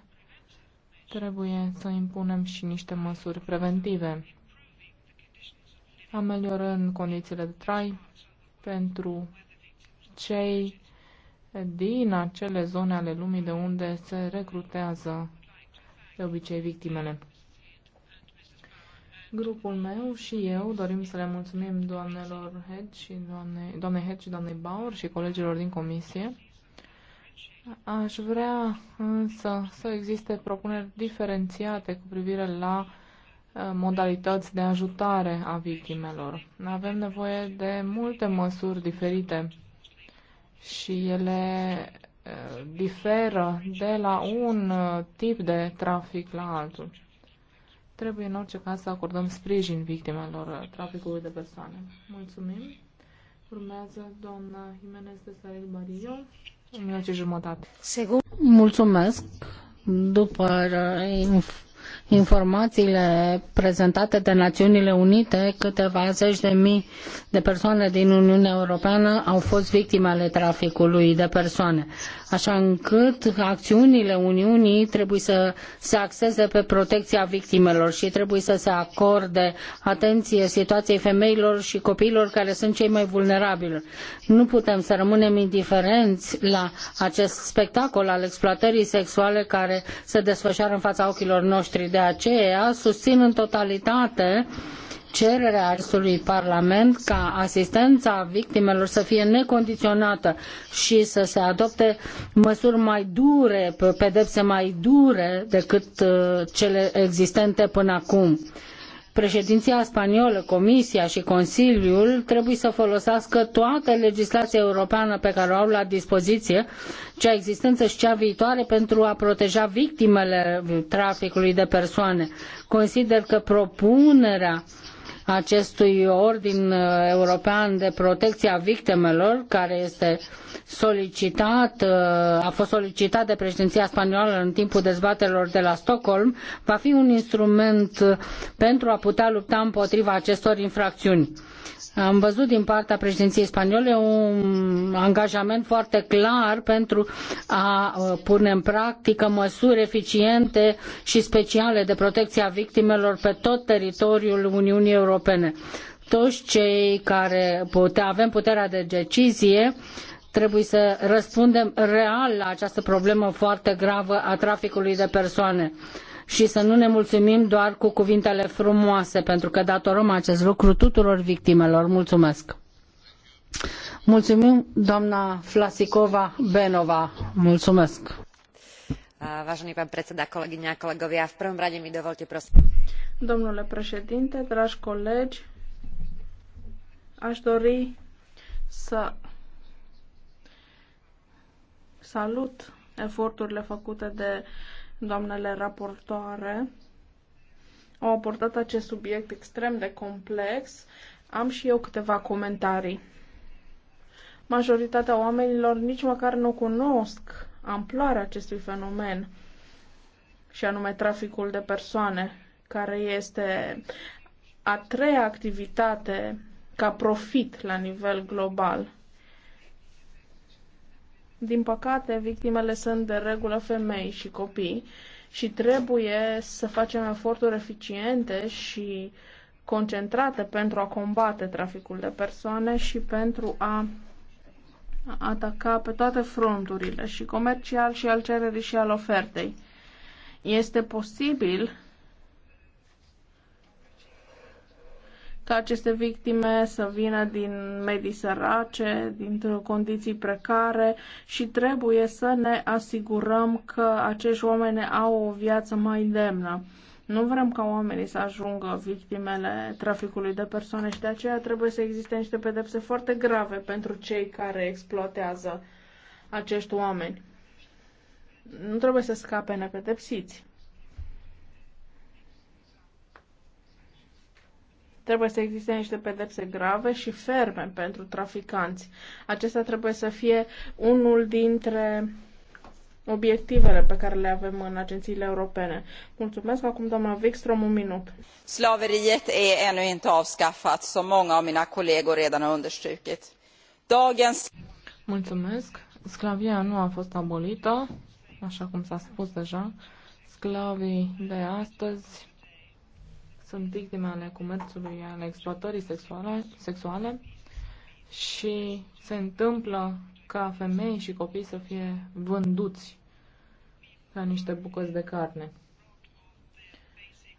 trebuie să impunem și niște măsuri preventive, ameliorând condițiile de trai pentru cei din acele zone ale lumii de unde se recrutează de obicei victimele. Grupul meu și eu dorim să le mulțumim doamnelor Head și doamnei, doamnei Head și doamnei Bauer și colegilor din comisie. Aș vrea însă să existe propuneri diferențiate cu privire la uh, modalități de ajutare a victimelor. Avem nevoie de multe măsuri diferite și ele diferă de la un tip de trafic la altul. Trebuie în orice caz să acordăm sprijin victimelor traficului de persoane. Mulțumim. Urmează doamna Jimenez de Sarel Barillo. Un minut și jumătate. Mulțumesc. După informațiile prezentate de Națiunile Unite, câteva zeci de mii de persoane din Uniunea Europeană au fost victime ale traficului de persoane așa încât acțiunile Uniunii trebuie să se axeze pe protecția victimelor și trebuie să se acorde atenție situației femeilor și copiilor care sunt cei mai vulnerabili. Nu putem să rămânem indiferenți la acest spectacol al exploatării sexuale care se desfășoară în fața ochilor noștri. De aceea susțin în totalitate cererea acestui Parlament ca asistența victimelor să fie necondiționată și să se adopte măsuri mai dure, pedepse mai dure decât uh, cele existente până acum. Președinția spaniolă, Comisia și Consiliul trebuie să folosească toată legislația europeană pe care o au la dispoziție, cea existentă și cea viitoare, pentru a proteja victimele traficului de persoane. Consider că propunerea uh, acestui ordin uh, european de protecție a victimelor, care este solicitat, uh, a fost solicitat de președinția spaniolă în timpul dezbaterilor de la Stockholm, va fi un instrument uh, pentru a putea lupta împotriva acestor infracțiuni. Am văzut din partea președinției spaniole un angajament foarte clar pentru a uh, pune în practică măsuri eficiente și speciale de protecție a victimelor pe tot teritoriul Uniunii Europene. Toți cei care pute, avem puterea de decizie trebuie să răspundem real la această problemă foarte gravă a traficului de persoane și să nu ne mulțumim doar cu cuvintele frumoase, pentru că datorăm acest lucru tuturor victimelor. Mulțumesc! Mulțumim, doamna Flasikova Benova. Mulțumesc! Vážený pán predseda, kolegyne a kolegovia, v prvom rade mi dovolte prosím. Domnule președinte, dragi colegi, aș dori să salut eforturile făcute de doamnele raportoare. Au abordat acest subiect extrem de complex. Am și eu câteva comentarii. Majoritatea oamenilor nici măcar nu cunosc amploarea acestui fenomen, și anume traficul de persoane, care este a treia activitate ca profit la nivel global din păcate, victimele sunt de regulă femei și copii și trebuie să facem eforturi eficiente și concentrate pentru a combate traficul de persoane și pentru a ataca pe toate fronturile, și comercial, și al cererii, și al ofertei. Este posibil ca aceste victime să vină din medii sărace, o condiții precare și trebuie să ne asigurăm că acești oameni au o viață mai demnă. Nu vrem ca oamenii să ajungă victimele traficului de persoane și de aceea trebuie să existe niște pedepse foarte grave pentru cei care exploatează acești oameni. Nu trebuie să scape nepedepsiți. Trebuie să existe niște pedepse grave și ferme pentru traficanți. Acesta trebuie să fie unul dintre obiectivele pe care le avem în agențiile europene. Mulțumesc. Acum doamna Wikström, un minut. Slaveriet är ännu inte avskaffat, som många av mina kollegor redan har understrukit. Dagens... Mulțumesc. Sclavia nu a fost abolită, așa cum s-a spus deja. Sclavii de astăzi sunt victime ale comerțului, ale exploatării sexuale, sexuale și se întâmplă ca femei și copii să fie vânduți ca niște bucăți de carne.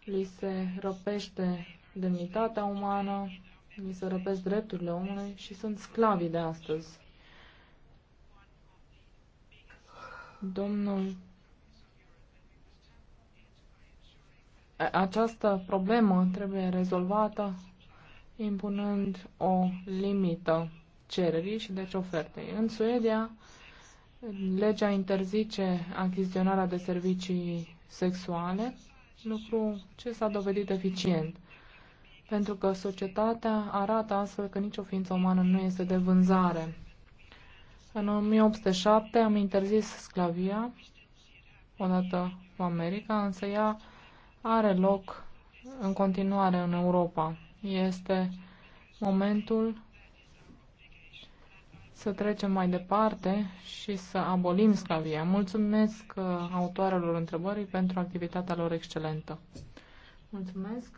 Li se răpește demnitatea umană, li se răpesc drepturile omului și sunt sclavii de astăzi. Domnul Această problemă trebuie rezolvată impunând o limită cererii și deci ofertei. În Suedia, legea interzice achiziționarea de servicii sexuale, lucru ce s-a dovedit eficient, pentru că societatea arată astfel că nicio ființă umană nu este de vânzare. În 1807 am interzis sclavia, odată cu America, însă ea are loc în continuare în Europa. Este momentul să trecem mai departe și să abolim sclavia. Mulțumesc uh, autoarelor întrebării pentru activitatea lor excelentă. Mulțumesc.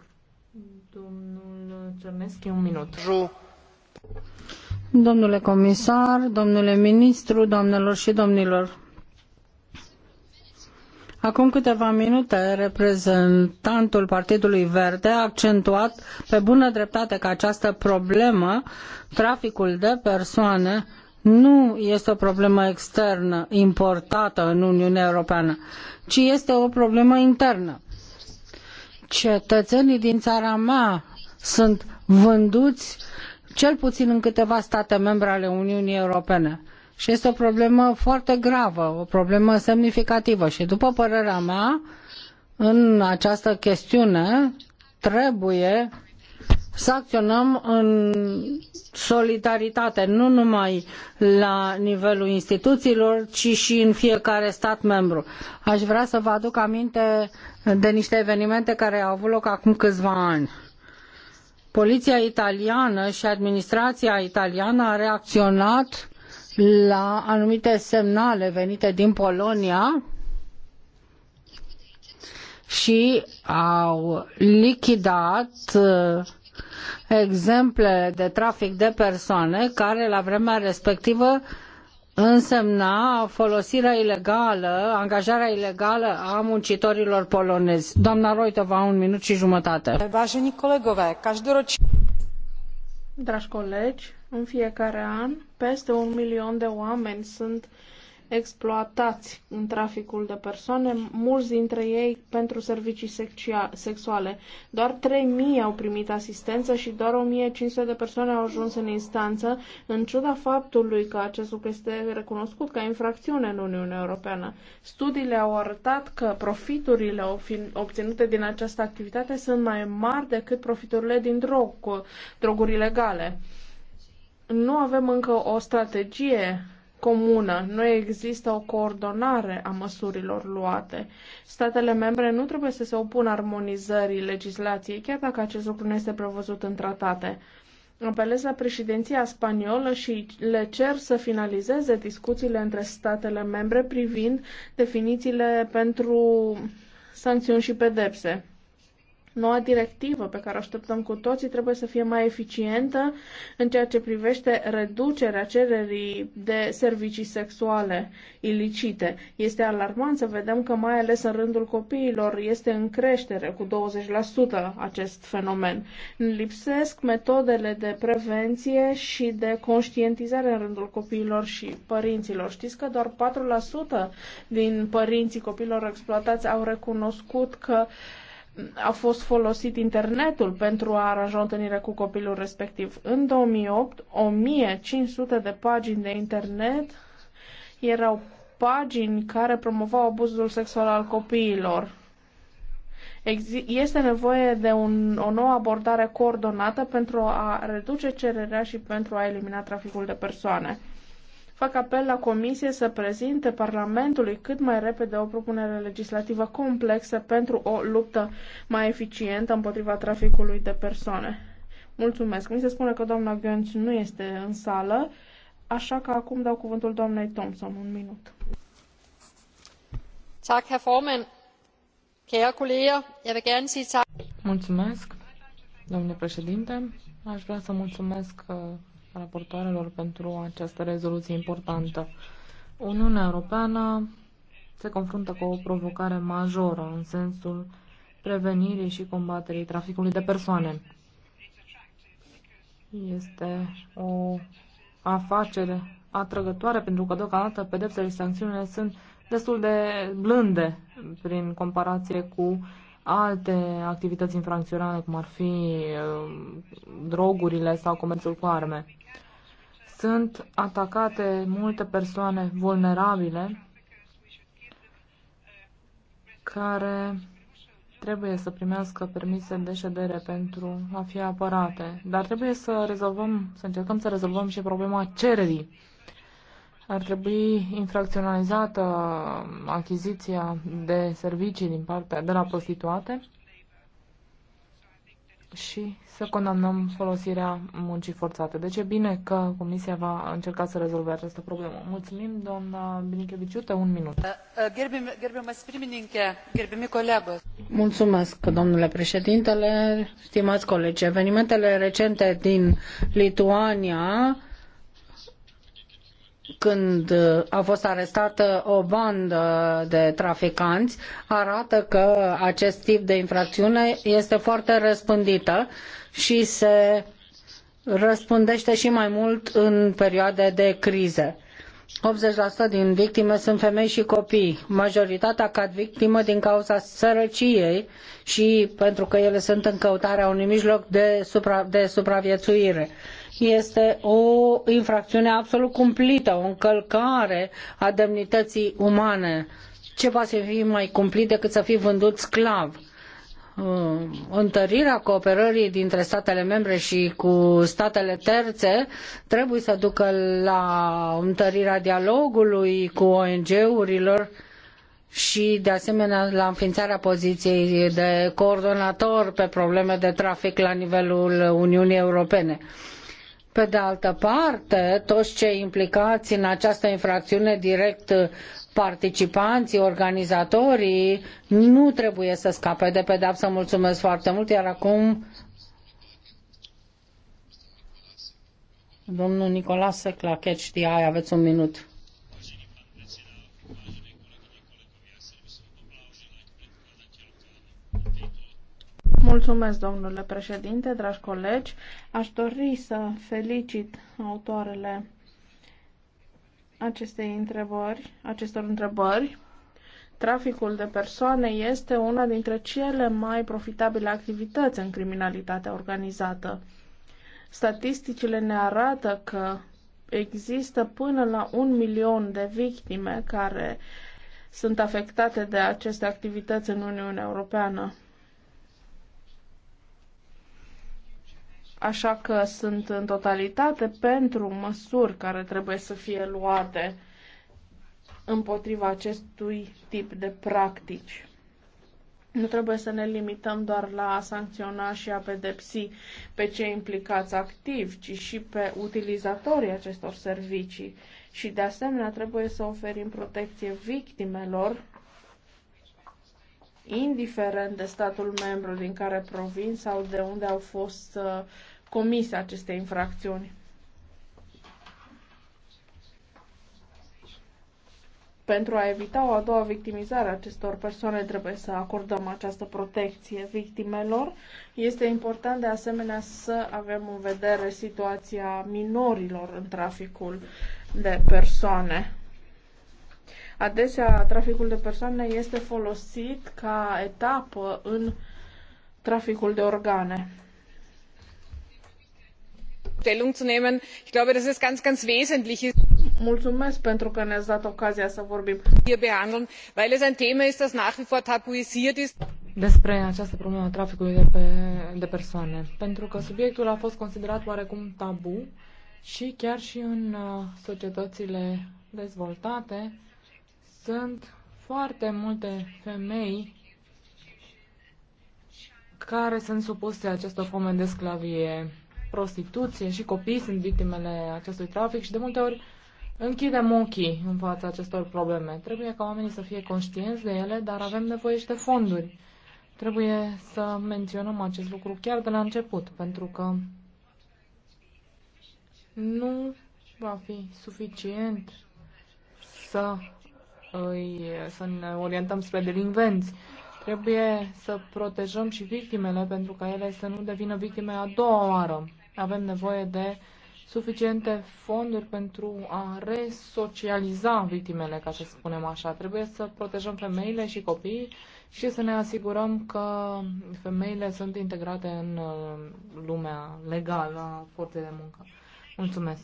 Domnul Cernescu, un minut. Domnule comisar, domnule ministru, doamnelor și domnilor, Acum câteva minute, reprezentantul Partidului Verde a accentuat pe bună dreptate că această problemă, traficul de persoane, nu este o problemă externă importată în Uniunea Europeană, ci este o problemă internă. Cetățenii din țara mea sunt vânduți cel puțin în câteva state membre ale Uniunii Europene și este o problemă foarte gravă, o problemă semnificativă și după părerea mea, în această chestiune trebuie să acționăm în solidaritate, nu numai la nivelul instituțiilor, ci și în fiecare stat membru. Aș vrea să vă aduc aminte de niște evenimente care au avut loc acum câțiva ani. Poliția italiană și administrația italiană a reacționat la anumite semnale venite din Polonia și au lichidat uh, exemple de trafic de persoane care la vremea respectivă însemna folosirea ilegală, angajarea ilegală a muncitorilor polonezi. Doamna Roitova, un minut și jumătate. Dragi colegi, în fiecare an, peste un milion de oameni sunt exploatați în traficul de persoane, mulți dintre ei pentru servicii sexuale. Doar 3.000 au primit asistență și doar 1.500 de persoane au ajuns în instanță, în ciuda faptului că acest lucru este recunoscut ca infracțiune în Uniunea Europeană. Studiile au arătat că profiturile obținute din această activitate sunt mai mari decât profiturile din drog, droguri ilegale nu avem încă o strategie comună, nu există o coordonare a măsurilor luate. Statele membre nu trebuie să se opună armonizării legislației, chiar dacă acest lucru nu este prevăzut în tratate. Apelez la președinția spaniolă și le cer să finalizeze discuțiile între statele membre privind definițiile pentru sancțiuni și pedepse. Noua directivă pe care o așteptăm cu toții trebuie să fie mai eficientă în ceea ce privește reducerea cererii de servicii sexuale ilicite. Este alarmant să vedem că mai ales în rândul copiilor este în creștere cu 20% acest fenomen. Lipsesc metodele de prevenție și de conștientizare în rândul copiilor și părinților. Știți că doar 4% din părinții copiilor exploatați au recunoscut că uh, a fost folosit internetul pentru a aranja o întâlnire cu copilul respectiv. În 2008, 1500 de pagini de internet erau pagini care promovau abuzul sexual al copiilor. Este nevoie de un, o nouă abordare coordonată pentru a reduce cererea și pentru a elimina traficul de persoane. Fac apel la Comisie să prezinte Parlamentului cât mai repede o propunere legislativă complexă pentru o luptă mai eficientă împotriva traficului de persoane. Mulțumesc. Mi se spune că doamna Gönț nu este în sală, așa că acum dau cuvântul doamnei Thompson. Un minut. Tak, herr Formen. Kære kolleger, jeg vil gerne sige tak. Mulțumesc, domnule președinte. Aș vrea să mulțumesc uh, raportoarelor pentru această rezoluție importantă. Uniunea Europeană se confruntă cu o provocare majoră în sensul prevenirii și combaterii traficului de persoane. Este o afacere atrăgătoare pentru că deocamdată pedepsele și sancțiunile sunt destul de blânde prin comparație cu alte activități infracționale, cum ar fi uh, drogurile sau comerțul cu arme sunt atacate multe persoane vulnerabile care trebuie să primească permise de ședere pentru a fi apărate. Dar trebuie să rezolvăm, să încercăm să rezolvăm și problema cererii. Ar trebui infracționalizată achiziția de servicii din partea de la prostituate și să condamnăm folosirea muncii forțate. Deci e bine că Comisia va încerca să rezolve această problemă. Mulțumim, doamna Binicheviciută, un minut. Uh, uh, Mulțumesc, domnule președintele, stimați colegi. Evenimentele recente din Lituania când uh, a fost arestată o bandă de traficanți, arată că acest tip de infracțiune este foarte răspândită și se răspândește și mai mult în perioade de crize. 80% din victime sunt femei și copii, majoritatea cad victimă din cauza sărăciei și pentru că ele sunt în căutarea unui mijloc de, supra, de supraviețuire este o infracțiune absolut cumplită, o încălcare a demnității umane. Ce poate fi mai cumplit decât să fii vândut sclav? Uh, întărirea cooperării dintre statele membre și cu statele terțe trebuie să ducă la întărirea dialogului cu ONG-urilor și de asemenea la înființarea poziției de coordonator pe probleme de trafic la nivelul Uniunii Europene. Pe de altă parte, toți cei implicați în această infracțiune direct participanții, organizatorii, nu trebuie să scape de pedeapsă. Mulțumesc foarte mult, iar acum domnul Nicolase Clachet, știa, aveți un minut. Mulțumesc, domnule președinte, dragi colegi. Aș dori să felicit autoarele acestei întrebări, acestor întrebări. Traficul de persoane este una dintre cele mai profitabile activități în criminalitatea organizată. Statisticile ne arată că există până la un milion de victime care sunt afectate de aceste activități în Uniunea Europeană. Așa că sunt în totalitate pentru măsuri care trebuie să fie luate împotriva acestui tip de practici. Nu trebuie să ne limităm doar la a sancționa și a pedepsi pe cei implicați activ, ci și pe utilizatorii acestor servicii. Și de asemenea trebuie să oferim protecție victimelor, indiferent de statul membru din care provin sau de unde au fost uh, comise aceste infracțiuni. Pentru a evita o a doua victimizare a acestor persoane, trebuie să acordăm această protecție victimelor. Este important de asemenea să avem în vedere situația minorilor în traficul de persoane. Adesea, traficul de persoane este folosit ca etapă în traficul de organe stellung zu nehmen. ich glaube dass es ganz ganz wesentlich ist Mulțumesc pentru că ne-ați ocazia să vorbim. Hier behandeln, weil es ein Thema ist, das nach wie vor tabuisiert ist. Despre această problemă a traficului de, pe, de persoane, pentru că subiectul a fost considerat oarecum tabu și chiar și în uh, societățile dezvoltate sunt foarte multe femei care sunt supuse acestor forme de sclavie prostituție și copii sunt victimele acestui trafic și de multe ori închidem ochii în fața acestor probleme. Trebuie ca oamenii să fie conștienți de ele, dar avem nevoie și de fonduri. Trebuie să menționăm acest lucru chiar de la început, pentru că nu va fi suficient să, îi, să ne orientăm spre delinvenți. Trebuie să protejăm și victimele pentru ca ele să nu devină victime a doua oară. Avem nevoie de suficiente fonduri pentru a resocializa victimele, ca să spunem așa. Trebuie să protejăm femeile și copiii și să ne asigurăm că femeile sunt integrate în uh, lumea legală a forței de muncă. Mulțumesc.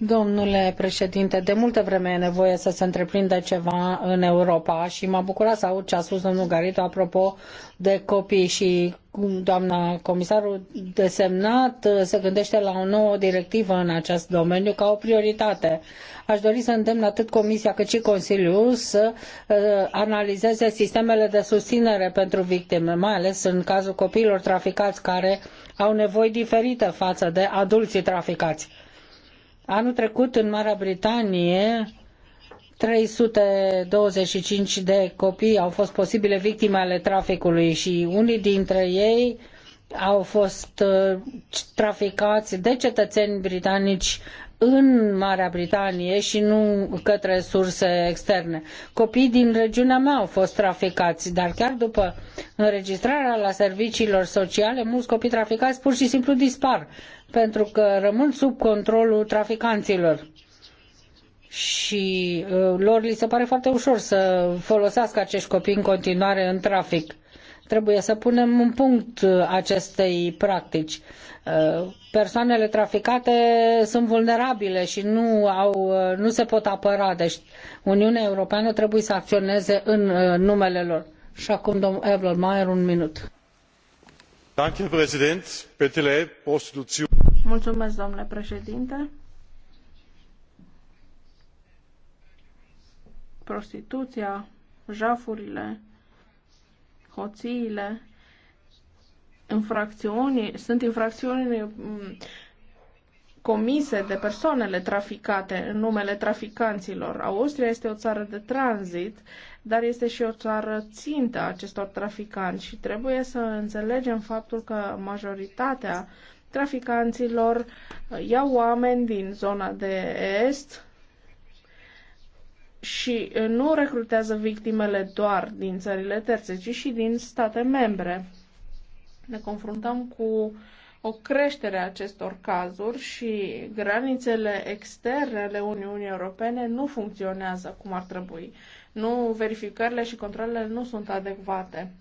Domnule președinte, de multă vreme e nevoie să se întreprindă ceva în Europa și m-a bucurat să aud ce a spus domnul Garito apropo de copii și doamna comisarul desemnat se gândește la o nouă directivă în acest domeniu ca o prioritate. Aș dori să îndemn atât Comisia cât și Consiliul să uh, analizeze sistemele de susținere pentru victime, mai ales în cazul copiilor traficați care au nevoi diferite față de adulții traficați Anul trecut în Marea Britanie 325 de copii au fost posibile victime ale traficului și unii dintre ei au fost uh, traficați de cetățeni britanici în Marea Britanie și nu către surse externe. Copiii din regiunea mea au fost traficați, dar chiar după înregistrarea la serviciilor sociale, mulți copii traficați pur și simplu dispar, pentru că rămân sub controlul traficanților. Și uh, lor li se pare foarte ușor să folosească acești copii în continuare în trafic Trebuie să punem un punct uh, acestei practici. Uh, persoanele traficate sunt vulnerabile și nu, au, uh, nu se pot apăra, deci Uniunea Europeană trebuie să acționeze în numele lor. Și acum, domnul Evlon Mayer, un minut. Mulțumesc, domnule președinte. prostituția jafurile hoțiile infracțiuni, sunt infracțiuni mm, comise de persoanele traficate în numele traficanților. Austria este o țară de tranzit, dar este și o țară țintă acestor traficanți și trebuie să înțelegem faptul că majoritatea traficanților uh, iau oameni din zona de est, și uh, nu recrutează victimele doar din țările terțe, ci și din state membre. Ne confruntăm cu o creștere a acestor cazuri și granițele externe ale Uniunii Europene nu funcționează cum ar trebui. Nu, verificările și controlele nu sunt adecvate.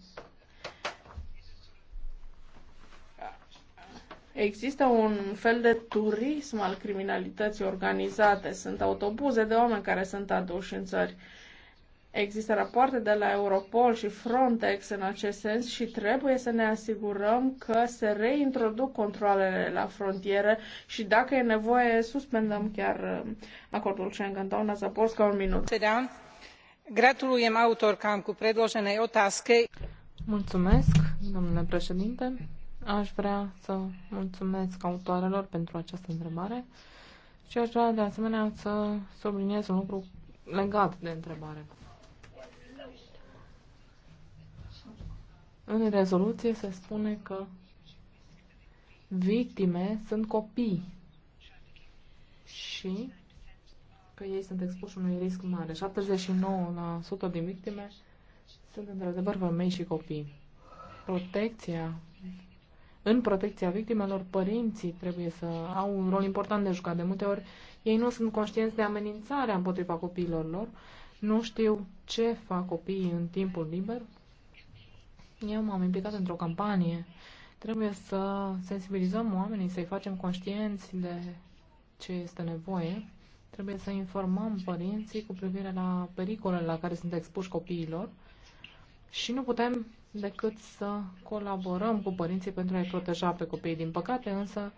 Există un fel de turism al criminalității organizate. Sunt autobuze de oameni care sunt aduși în țări. Există rapoarte de la Europol și Frontex în acest sens și trebuie să ne asigurăm că se reintroduc controlele la frontiere și dacă e nevoie, suspendăm chiar um, acordul Schengen. Doamna Zaporska, un minut. Gratulujem autorkám cu predloženej otázke. Mulțumesc, domnule președinte. Aș vrea să mulțumesc autoarelor pentru această întrebare și aș vrea de asemenea să subliniez un lucru legat de întrebare. În rezoluție se spune că victime sunt copii și că ei sunt expuși unui risc mare. 79% din victime sunt într-adevăr femei și copii. Protecția în protecția victimelor, părinții trebuie să au un rol important de jucat. De multe ori ei nu sunt conștienți de amenințarea împotriva copiilor lor, nu știu ce fac copiii în timpul liber. Eu m-am implicat într-o campanie. Trebuie să sensibilizăm oamenii, să-i facem conștienți de ce este nevoie. Trebuie să informăm părinții cu privire la pericolele la care sunt expuși copiilor și nu putem decât să colaborăm cu părinții pentru a-i proteja pe copii. Din păcate, însă,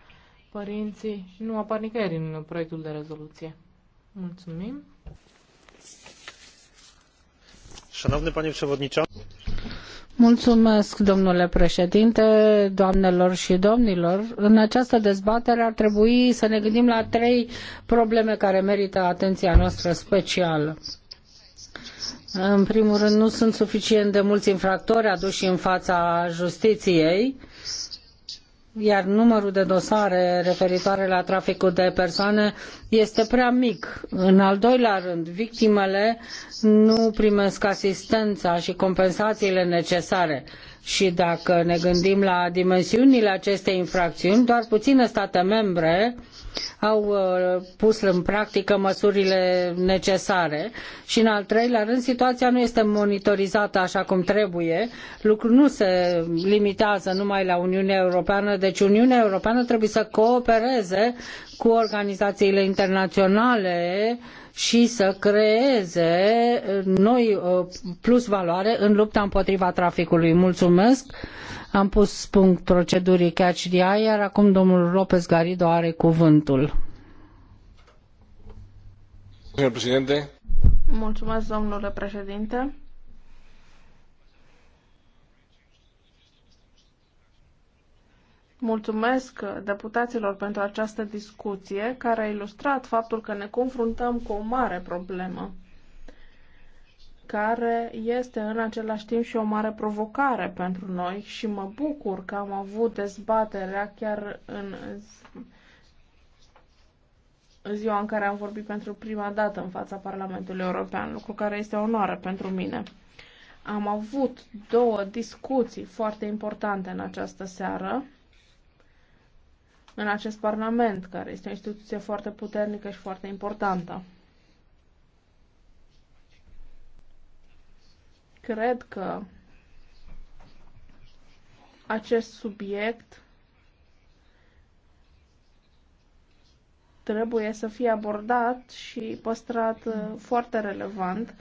părinții nu apar nicăieri în proiectul de rezoluție. Mulțumim. Szanowny panie przewodniczący. Mulțumesc, domnule președinte, doamnelor și domnilor. În această dezbatere ar trebui să ne gândim la trei probleme care merită atenția noastră specială. În primul rând, nu sunt suficient de mulți infractori aduși în fața justiției, iar numărul de dosare referitoare la traficul de persoane este prea mic. În al doilea rând, victimele nu primesc asistența și compensațiile necesare. Și dacă ne gândim la dimensiunile acestei infracțiuni, doar puține state membre au uh, pus în practică măsurile necesare și în al treilea rând situația nu este monitorizată așa cum trebuie, lucru nu se limitează numai la Uniunea Europeană, deci Uniunea Europeană trebuie să coopereze cu organizațiile internaționale și să creeze uh, noi uh, plus valoare în lupta împotriva traficului. Mulțumesc! Am pus punct procedurii catch the eye, iar acum domnul López Garrido are cuvântul. Mulțumesc, domnule președinte. Mulțumesc deputaților pentru această discuție care a ilustrat faptul că ne confruntăm cu o mare problemă care este în același timp și o mare provocare pentru noi și mă bucur că am avut dezbaterea chiar în ziua în care am vorbit pentru prima dată în fața Parlamentului European, lucru care este o onoare pentru mine. Am avut două discuții foarte importante în această seară în acest Parlament, care este o instituție foarte puternică și foarte importantă. Cred că acest subiect trebuie să fie abordat și păstrat uh, foarte relevant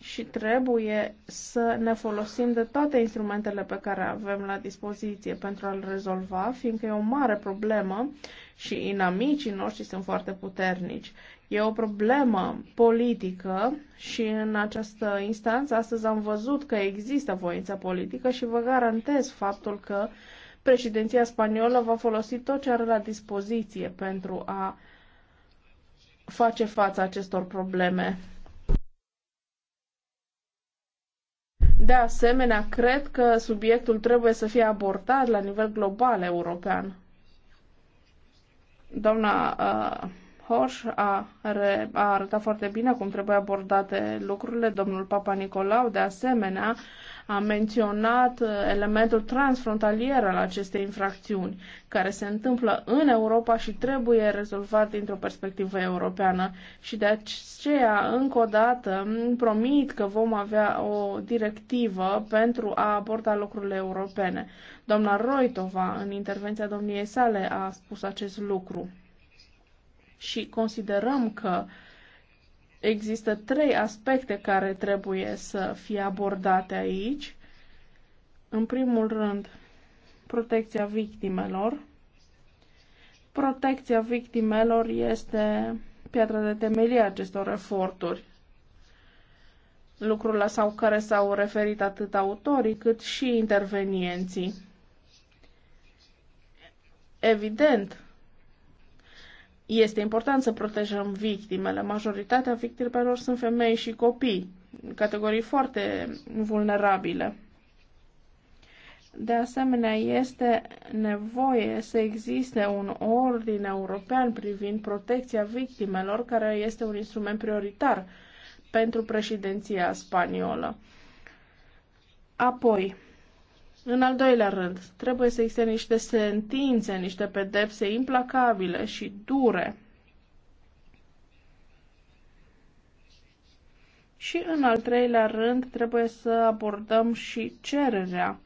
și trebuie să ne folosim de toate instrumentele pe care avem la dispoziție pentru a-l rezolva, fiindcă e o mare problemă și inamicii noștri sunt foarte puternici E o problemă politică și în această instanță astăzi am văzut că există voință politică și vă garantez faptul că președinția spaniolă va folosi tot ce are la dispoziție pentru a face față acestor probleme. De asemenea, cred că subiectul trebuie să fie abordat la nivel global european. Doamna uh, Hoș a, re, a arătat foarte bine cum trebuie abordate lucrurile. Domnul Papa Nicolau, de asemenea, a menționat uh, elementul transfrontalier al acestei infracțiuni, care se întâmplă în Europa și trebuie rezolvat dintr-o perspectivă europeană. Și de aceea, încă o dată, promit că vom avea o directivă pentru a aborda lucrurile europene. Doamna Roitova, în intervenția domniei sale, a spus acest lucru și considerăm că există trei aspecte care trebuie să fie abordate aici. În primul rând, protecția victimelor. Protecția victimelor este piatra de temelie a acestor eforturi. Lucrul la sau care s-au referit atât autorii cât și intervenienții. Evident, este important să protejăm victimele. Majoritatea victimelor sunt femei și copii, categorii foarte vulnerabile. De asemenea, este nevoie să existe un ordin european privind protecția victimelor, care este un instrument prioritar pentru președinția spaniolă. Apoi, în al doilea rând, trebuie să existe niște sentințe, niște pedepse implacabile și dure. Și în al treilea rând, trebuie să abordăm și cererea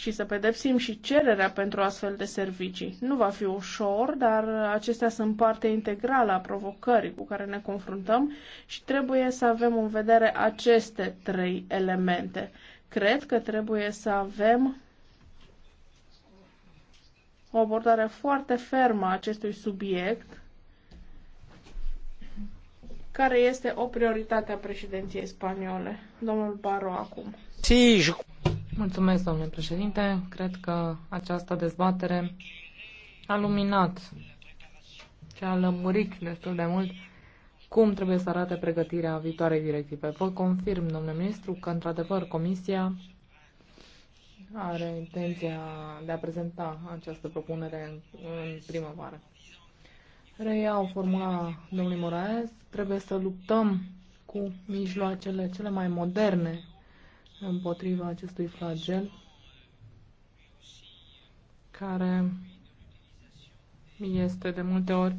și să pedepsim și cererea pentru astfel de servicii. Nu va fi ușor, dar acestea sunt parte integrală a provocării cu care ne confruntăm și trebuie să avem în vedere aceste trei elemente. Cred că trebuie să avem o abordare foarte fermă a acestui subiect, care este o prioritate a președinției spaniole. Domnul Baro acum. Sí, Mulțumesc, domnule președinte. Cred că această dezbatere a luminat și a lămurit destul de mult cum trebuie să arate pregătirea viitoarei directive. Vă confirm, domnule ministru, că, într-adevăr, Comisia are intenția de a prezenta această propunere în primăvară. Reiau formula domnului Moraes, trebuie să luptăm cu mijloacele cele mai moderne împotriva acestui flagel care este de multe ori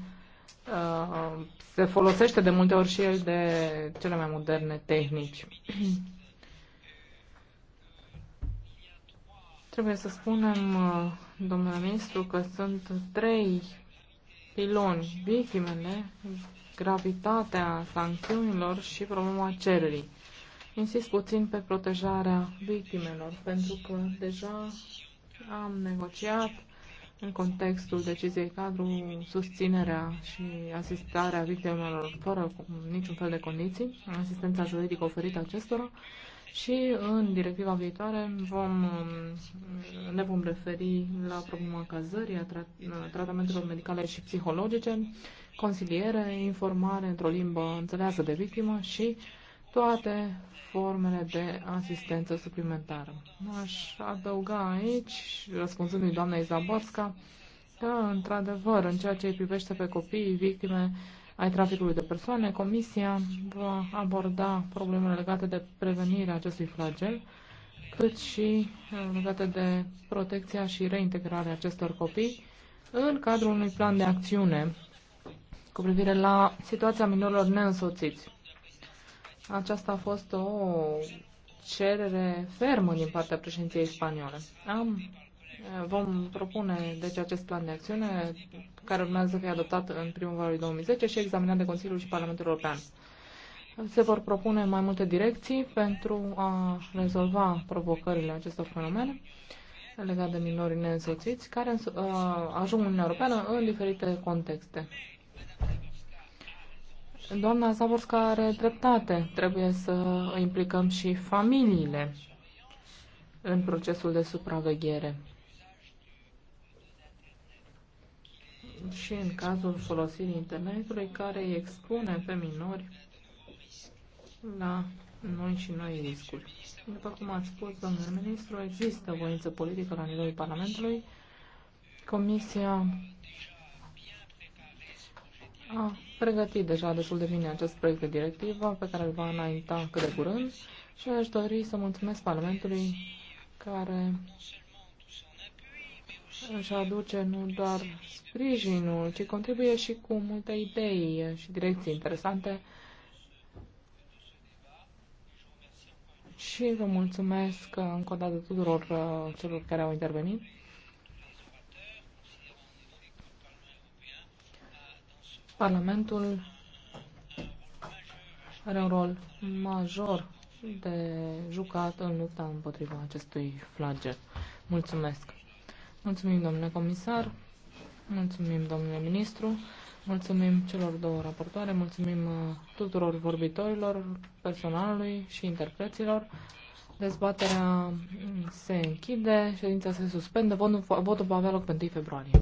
uh, se folosește de multe ori și el de cele mai moderne tehnici. Trebuie să spunem, uh, domnule ministru, că sunt trei piloni, victimele, gravitatea sancțiunilor și problema cererii insist puțin pe protejarea victimelor, pentru că deja am negociat în contextul deciziei cadru susținerea și asistarea victimelor fără niciun fel de condiții, asistența juridică oferită acestora și în directiva viitoare vom, ne vom referi la problema cazării, a tra tratamentelor medicale și psihologice, consiliere, informare într-o limbă înțeleasă de victimă și uh, toate formele de asistență suplimentară. Aș adăuga aici, răspunzându lui doamna Zaborska, că, într-adevăr, în ceea ce îi privește pe copiii victime ai traficului de persoane, Comisia va aborda problemele legate de prevenirea acestui flagel, cât și eh, legate de protecția și reintegrarea acestor copii în cadrul unui plan de acțiune cu privire la situația minorilor neînsoțiți aceasta a fost o cerere fermă din partea președinției spaniole. Am, vom propune deci acest plan de acțiune care urmează să fie adoptat în primăvara lui 2010 și examinat de Consiliul și Parlamentul European. Se vor propune mai multe direcții pentru a rezolva provocările acestor fenomene legate de minorii neînsoțiți care uh, ajung în Uniunea Europeană în diferite contexte. Doamna Zaborska are dreptate. Trebuie să implicăm și familiile în procesul de supraveghere. Și în cazul folosirii internetului care îi expune pe minori la noi și noi riscuri. După cum ați spus, domnule ministru, există voință politică la nivelul Parlamentului. Comisia a pregătit deja destul de bine acest proiect de directivă pe care îl va înainta cât de curând și aș dori să mulțumesc Parlamentului care își aduce nu doar sprijinul, ci contribuie și cu multe idei și direcții interesante. Și vă mulțumesc încă o dată tuturor uh, celor care au intervenit Parlamentul are un rol major de jucat în lupta împotriva acestui flagel. Mulțumesc! Mulțumim, domnule comisar, mulțumim, domnule ministru, mulțumim celor două raportoare, mulțumim uh, tuturor vorbitorilor, personalului și interpreților. Dezbaterea se închide, ședința se suspendă, votul, va avea loc pe 1 februarie.